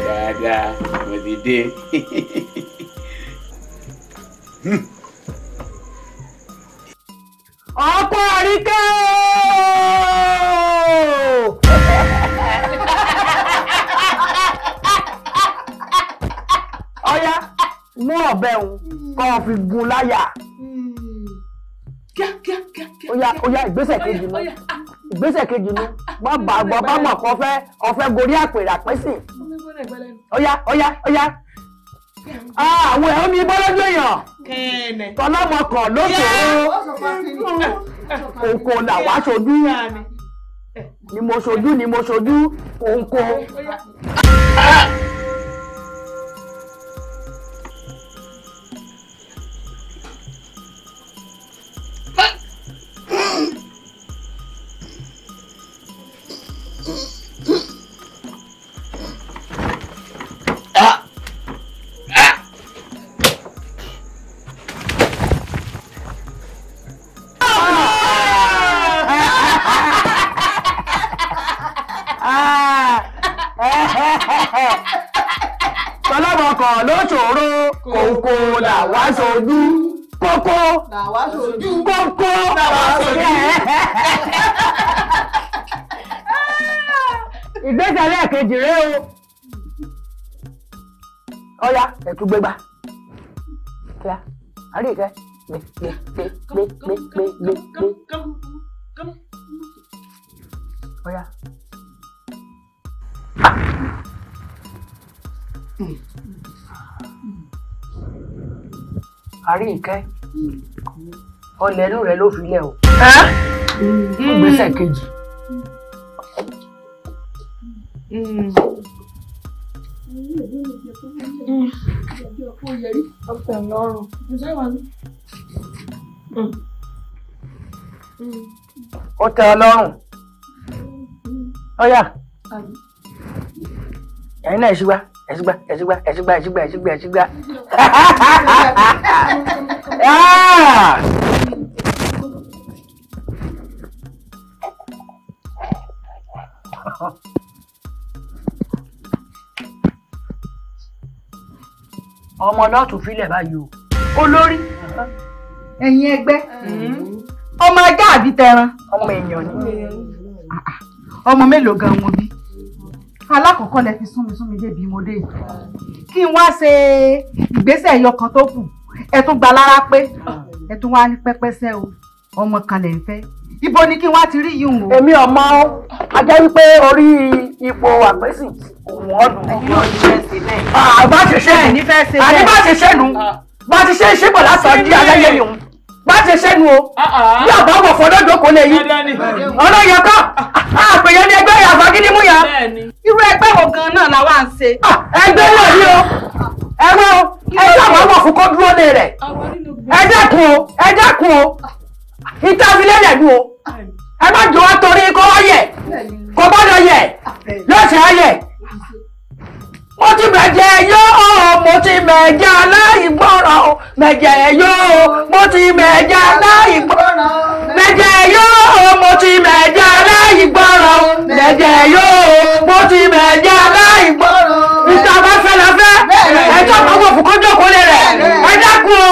dáadáa mo ti dé. Hmm. ọkọ àríkẹ́ ooo. ọyá mú ọ̀bẹ òun kọ́ ọ fi gun láyà. ọyá ọyá ìgbésẹ̀ kejì ni ah. ìgbésẹ̀ kejì ni má bàa gbọ́ bá mọ̀ kọ́ fẹ́ ọ̀fẹ́ gorí àpèrè àpẹ́sìn. ọyá ọyá ọyá. Ah, àwọn ẹ̀rọ mi bọ́lọ́dún èèyàn tọ́lọ́mọkàn lóṣòro òǹkò làwa ṣojú ni mo ṣojú ni mo ṣojú òǹkò. gbẹgbà kíá àárẹ̀ kẹ gbẹgbẹgbẹgbẹgbẹgbẹ. ọ̀ya. àárẹ̀ ìkẹ́ ọlẹ́nu rẹ ló fi lẹ̀ o. fún gbèsè kejì. lọ́rùn. Mm. ó tẹ́ ọ lọ́rùn ọ̀yà ẹ̀yin náà ẹ̀ṣúgbà ẹ̀ṣúgbà ẹ̀ṣúgbà ẹ̀ṣúgbà ẹ̀ṣúgbà ẹ̀ṣúgbà ẹ̀ṣúgbà. Huh? ọmọ lọ́tún fílẹ̀ báyìí o olórí ẹ̀yin ẹgbẹ́ mm-hmm. ọmọ ajá àbí tẹran ọmọ èèyàn ni ọmọ mélòó gan mo bí alákọ̀ọ́kọ́ lẹ fi súnmi súnmi débi mo dé kí n wá ṣe ìgbésẹ̀ ẹyọ kan tó kù ẹ tún gba lára pé ẹ tún wá ní pẹ́pẹ́sẹ́ o ọmọ kan lẹ ń fẹ́ ibo ni kí wá ti rí yìí o. èmi ọmọ ajá wípé orí ipò àgbẹ̀sìn òun ọdún. ẹ̀yin náà ti fẹ́ ṣe bẹ́ẹ̀. àbá ṣe ṣe nù àbí bá ṣe ṣe nù bá ti ṣe ṣe pọ̀ lásán di ayẹyẹ yòó bá ṣe ṣe nù o bí àbá wọ̀ fọdọ́dọ̀ kò lè yí ọlọ́yẹ àpèyẹ ní ẹgbẹ́ ìyàgbá gidi mú ya. irú ẹgbẹ́ wo gan náà làwa ń ṣe. ẹgbẹ́ náà ni o ẹ̀rọ ẹgbẹ́ àwọn wọ̀ fún kó dúró lé rẹ̀ ẹ dákun o ẹ dákun o ìtàbílẹ̀lẹ̀ nu o ẹ má jọ wá torí kó wá yẹ kó gbọ́dọ̀ yẹ lọ́sẹ̀ yẹ mo ti bẹ̀jẹ̀ yó o mo ti mẹ̀jẹ̀ aláìgbọràn o mẹ̀jẹ̀ yó o mo ti mẹ̀jẹ̀ aláìgbọràn o mẹ̀jẹ̀ yó o mo ti mẹ̀jẹ̀ aláìgbọràn o mẹ̀jẹ̀ yó o mo ti mẹ̀jẹ̀ aláìgbọràn o bá fẹ́ la fẹ́ ẹ̀jọ̀ kan wò fún kọjọ́ kólé rẹ̀ ẹ dákun o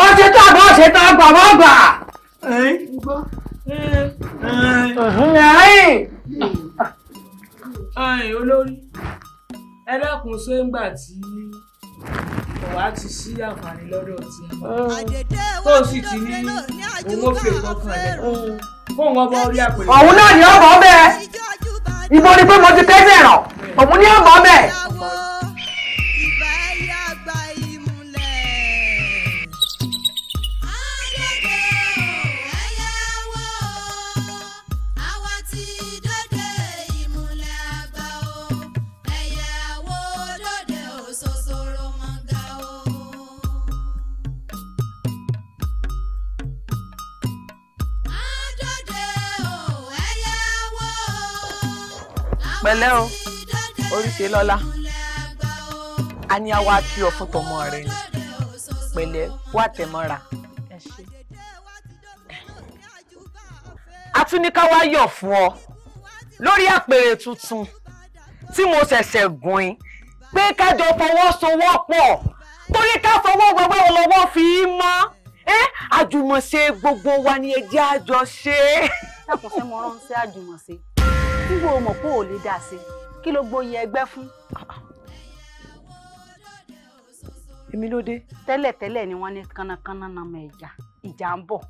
ó tó àbọ̀ ṣe tó àgbà bọ́ gbà. olórí ẹ dákun ń gbà tí ọ̀wá ti sí àǹfààní lọ́dọ̀ tí tó sì ti ní owó fèkọ́ kan rẹ̀ fóun ọba orí àpèrè. ọ̀hun náà ni ọ̀bọ̀ bẹ́ẹ̀ ìbọn ni pé mo ti tẹ́sẹ̀ ràn ọ̀hun ni ọ̀bọ̀ bẹ́ẹ̀. pẹ̀lẹ́ o oríṣi lọ́lá a ní a wá kí ọ fún tọmọ rẹ ni pẹ̀lẹ́ wà tẹ̀mọ́ra. a tún ní ká wá yọ̀ fún ọ lórí àpèrè tuntun tí mo ṣẹ̀ṣẹ̀ gùn yín pé kájọ fọwọ́sowọ́pọ̀ torí ká fọwọ́ wẹwẹ́ ọlọ́wọ́ fi í mọ́ àjùmọ̀ṣe gbogbo wa ni ẹ àjọṣe. ẹ kò fẹ́ mọ ránṣẹ́ àjùmọ̀ṣe ń gbọ́ mọ̀ pé ò lè dà sí kí ló gboyè ẹgbẹ́ fún. èmi ló dé. tẹ́lẹ̀tẹ́lẹ̀ ni wọ́n ní kánnakánná nàmọ ìjà ìjà ń bọ̀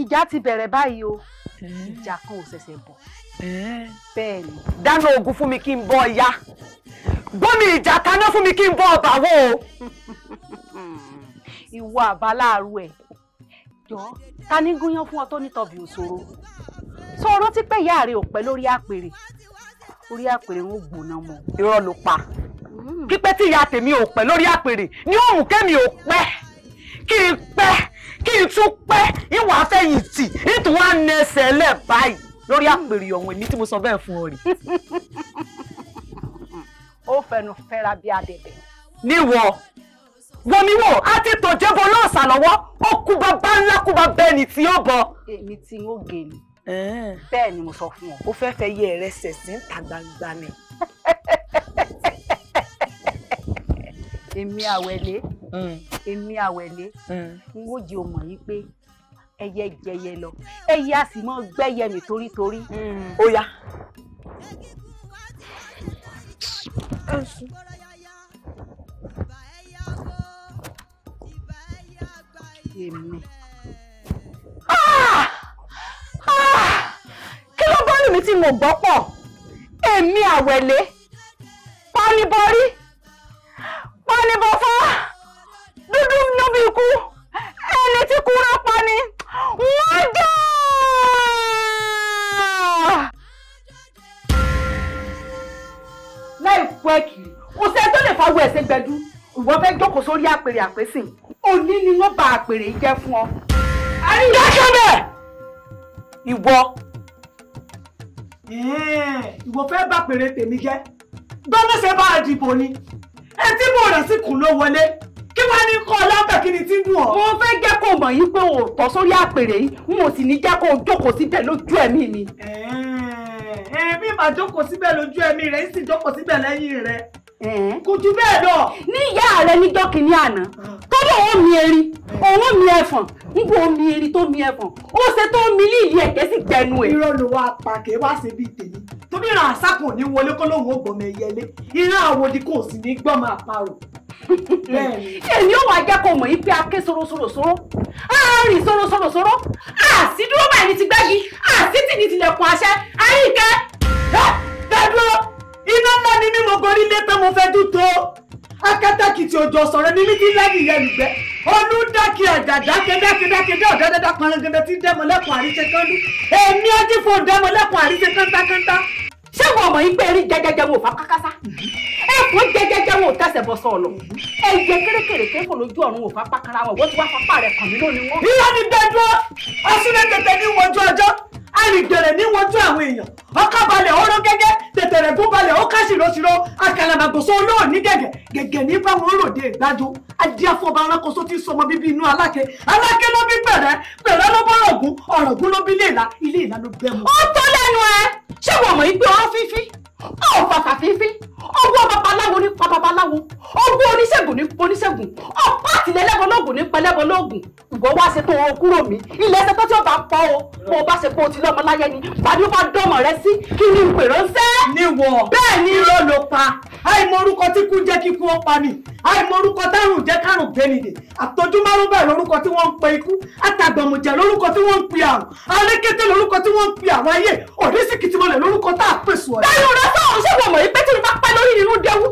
ìjà ti bẹ̀rẹ̀ báyìí o ìjà kan ò ṣẹ̀ṣẹ̀ bọ̀. bẹ́ẹ̀ ni. dáná ogun fún mi kí n bọ́ ya gbọ́mi ìjà kaná fún mi kí n bọ́ ọba wo. ìwọ àbá láàrú ẹ̀ jọ ta ní gúnyán fún ọ tó ní òṣòro tó o rántí pé ìyá rẹ ò pẹ́ lórí àpèrè orí àpèrè ń gbóná mọ́ irọ́ ló pa hmm. pípẹ́ tí ìyá tèmi ò pẹ́ lórí àpèrè ni ó mú kémi ò pẹ́ kí n pẹ́ kí n tún pẹ́ ìwà fẹ̀yìntì nítorí wàá nẹsẹ̀ lẹ̀ báyìí lórí àpèrè ọ̀hún èmi tí mo sọ bẹ́ẹ̀ fún ọ rè. ó fẹnu fẹ́ra bí adẹ̀bẹ̀. níwọ wọmiwọ àti tòjẹ́bọ lọ́ọ̀sà lọ́wọ́ ó kú bàbá ńlá kú bàbá ẹni tí ó bọ. èmi tí ń gé ni bẹ́ẹ̀ ni mo sọ fún ọ ó fẹ́ fẹ́ yẹ ẹrẹ sẹ̀sìn ta gbangba ni. èmi àwẹ̀lé mm. èmi àwẹ̀lé mm. n ó jẹ́ ọmọ yìí pé ẹyẹ jẹyẹ lọ ẹyẹ a sì mọ gbẹyẹ mi torítorí mm. ó yá. Ah! kí ló bọ́ọ̀lù mi tí mo gbọ́ pọ̀ èmi àwẹ̀lé pánibọ́rí pánibọ́fá dúdú níbi ikú ẹni tí kú rán pani wọ́n dé. láì kú ẹ kiri kò tó lè fawọ́ ẹ̀ ṣègbẹ́dú ìwọ fẹ́ jókòó sórí àpèrè àpèsìn òní ni wọ́n bà àpèrè jẹ́ fún ọ. ẹ̀yin dákẹ́ bẹ́ẹ̀ ìwọ. ìwọ fẹ́ bá pèrè tèmi jẹ́ gbọ́mọ̀sẹ̀ bá a dìbò ni etí mò rẹ̀ sì kùn ló wọlé kí wàá ní kọ́ lábẹ́ kí ni tí ń dùn ọ́. mo fẹ́ jẹ́ kó mọ̀ yín pé o tọ́ sórí àpèrè yìí n ò sì ní jẹ́ kó o jókòó síbẹ̀ lójú ẹ̀mí mi. bí màá jókòó síbẹ̀ lójú ẹ̀mí rẹ̀ ń sì jókòó síbẹ̀ lẹ́yìn rẹ̀. Eh? kò jù bẹ́ẹ̀ lọ. ní ìyá rẹ níjọ́ kìíní àná tó ní òun mi erin òun mi ẹ̀fọ̀n ń bò mi erin tó mi ẹ̀fọ̀n ó ṣe tó mi líìlì ẹ̀kẹ́ sì gbẹnu ẹ̀. irọ́ ló wá pa kì í wá ṣe bíi tèmi torí ìran àṣàkò ní wọlé kó lóun ó gbọmọ ẹyẹlé ìran àwòdì kò sì ní gbọmọ àparò. èmi ò wá jẹ́ kó mọ̀ yí pé a ké sorosorosoro a rìn sorosorosoro a sì dúró báyìí ní ti gbẹ́gi a sì tì ní tilẹ̀kùn àṣẹ àyíkẹ́ dá dá dúró iná mọ́ ni mí mo gorí lé pé mo fẹ́ dúró akátákìtì òjò sọ̀rọ̀ ní mí kí lẹ́yìn ìyẹn ìgbẹ́ olùdákì àjàdá kẹdákẹdákẹdá ọ̀dẹ́dẹ́dá parangandẹ tí dẹ́mọ̀lẹ́kùn àríṣe kánú èmi ajífò dẹ́mọ̀lẹ́kùn àríṣe kántákántá ṣé wọn mọ̀ yín pé erin jẹjẹjẹ wò fákákásá ẹ̀fọ́ jẹjẹjẹ wò tẹ̀sẹ̀ bọ́ sọ̀lọ̀ ẹ̀yẹ kérékèrè kéfò lójú àrìndẹ̀rẹ̀ níwọ̀jú àwọn èèyàn ọkà balẹ̀ ọ̀rọ̀ gẹ́gẹ́ tẹ̀tẹ̀rẹ̀ gún balẹ̀ ó kásì lọ́sirọ́ àkàlàmàgbòsó olóò ní gẹ̀gẹ̀ gẹ̀gẹ̀ ní báwọn òròde ìgbàdo adíafọba alákòóso tí sọmọ bíbí inú aláké aláké ló bí pẹ̀rẹ́ pẹ̀rẹ́ ló bọ́ ọ̀rọ̀gún ọ̀rọ̀gún ló bí léèlà ilé ìlà ló bẹ́ mu. ó tó lẹ́nu ẹ ṣé wọ́n mọ̀ yí pé ọ̀rọ̀ fífí ọ̀fà fàfífín ọwọ́ babaláwo ní pa babaláwo ọgbọ́n oníṣègùn ní oníṣègùn ọ̀pá àtìlẹ́lẹ́bọn lóògùn ní pẹlẹ́bọn lóògùn ìwọ wá ṣe tó o kúrò mí ilé ẹsẹ tó tí ó bá pọ̀ o bó o bá ṣe pé o ti lọ́mọ láyé ni pàdé bá dọ́mọ rẹ sí kí ni ìpè ránṣẹ́. níwọ bẹ́ẹ̀ ni irọ́ ló pa àìmọ̀ orúkọ tí kú jẹ́ kíkú ó pa ni àìmọ̀ orúkọ tárùn jẹ́ kárùn gbẹnìdè àtọjúmọ́rún bẹ́ẹ̀ lórúkọ tí wọ́n ń pe ikú àtàgbàmùjà lórúkọ tí wọ́n ń pe àrùn arékété lórúkọ tí wọ́n ń pe àwọn ayé òdìsíkìtìmọ́lẹ̀ lórúkọ tá a pèsè ọ̀rẹ́. dáyọ̀ rẹ sọ̀rọ̀ ṣé wọ́n mọ̀ yìí pé tí mo bá pẹ́ lórí irun dẹ́wú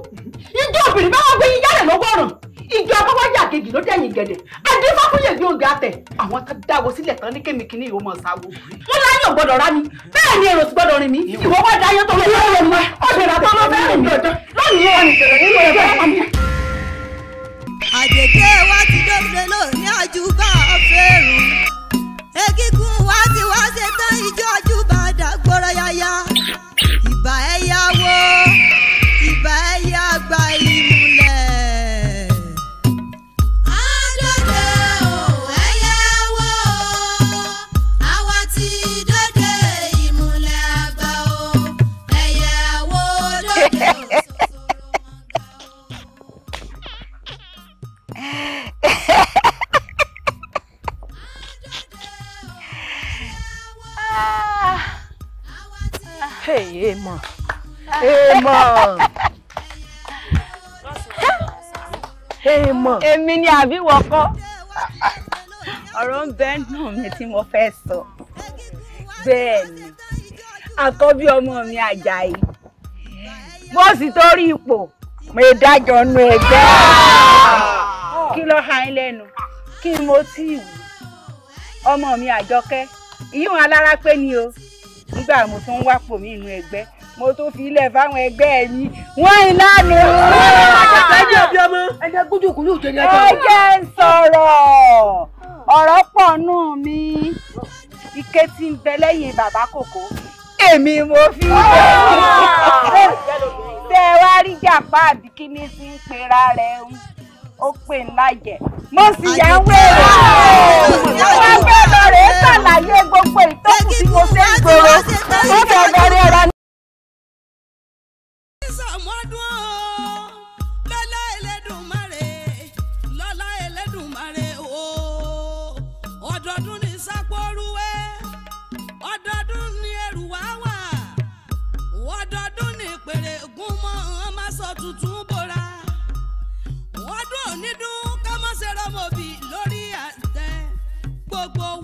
ìjọ obìnrin bá wọ́n gbé yín yálẹ̀ lọ́wọ́ ọ̀ràn ìjọ abọ́wọ́ yà kejì ló dẹ̀yìn gẹ̀dẹ̀ adéfákúnyè ní oúnjẹ atẹ àwọn tá dáwọ sílẹ̀ tán ní kémikíní yìí ó mọ̀ sáwọ wọn láyé ò gbọdọ̀ rá mi bẹ́ẹ̀ ni èrò sì gbọdọ̀ rìn mí ìwọ wá dá yẹn tó lọ́wọ́ ọ̀rọ̀ mi ọ̀dẹ̀rẹ̀ àtọ́lọ́fẹ́ rìn mí lónìí ẹ̀ bẹ́ẹ̀ náà mi tí mo fẹ́ sọ bẹ́ẹ̀ ni àkọ́bí ọmọ mi Àjàyí bó sì torí ipò mo dájọ́ nu ẹgbẹ́ ah! kí ló ha lẹ́nu kí mo tí ì wù ọmọ mi Àjọkẹ́ ìyún alára pé ni o nígbà mo tún wá pò mí inú ẹgbẹ́ mo tún fi fáwọn ẹgbẹ́ ẹ ní wọ́n iná ni. ẹ̀jẹ̀ bí ọmọ ẹ̀jẹ̀ gbójú kùlù ẹ jẹ́ ń sọ̀rọ̀ ọ̀rọ̀ pọ̀ nù mí ike tí ń bẹ lẹ́yìn bàbá kòkó èmi mo fi bẹ́ẹ̀ tẹ́ ẹ wá rí jàpá àbí kí ni ń pera rẹ̀ ó pè lájẹ̀ mo sì yà ń wéèrè àwọn agbẹ́dọ̀ rẹ̀ ṣàlàyé gbogbo ìtọ́kùn tí mo ṣe ń gbòòrò mo fẹ́ bẹ̀rẹ̀ ọ̀rọ̀ ò ní dún ká má ṣe rọmọ bì lórí àtẹ gbogbo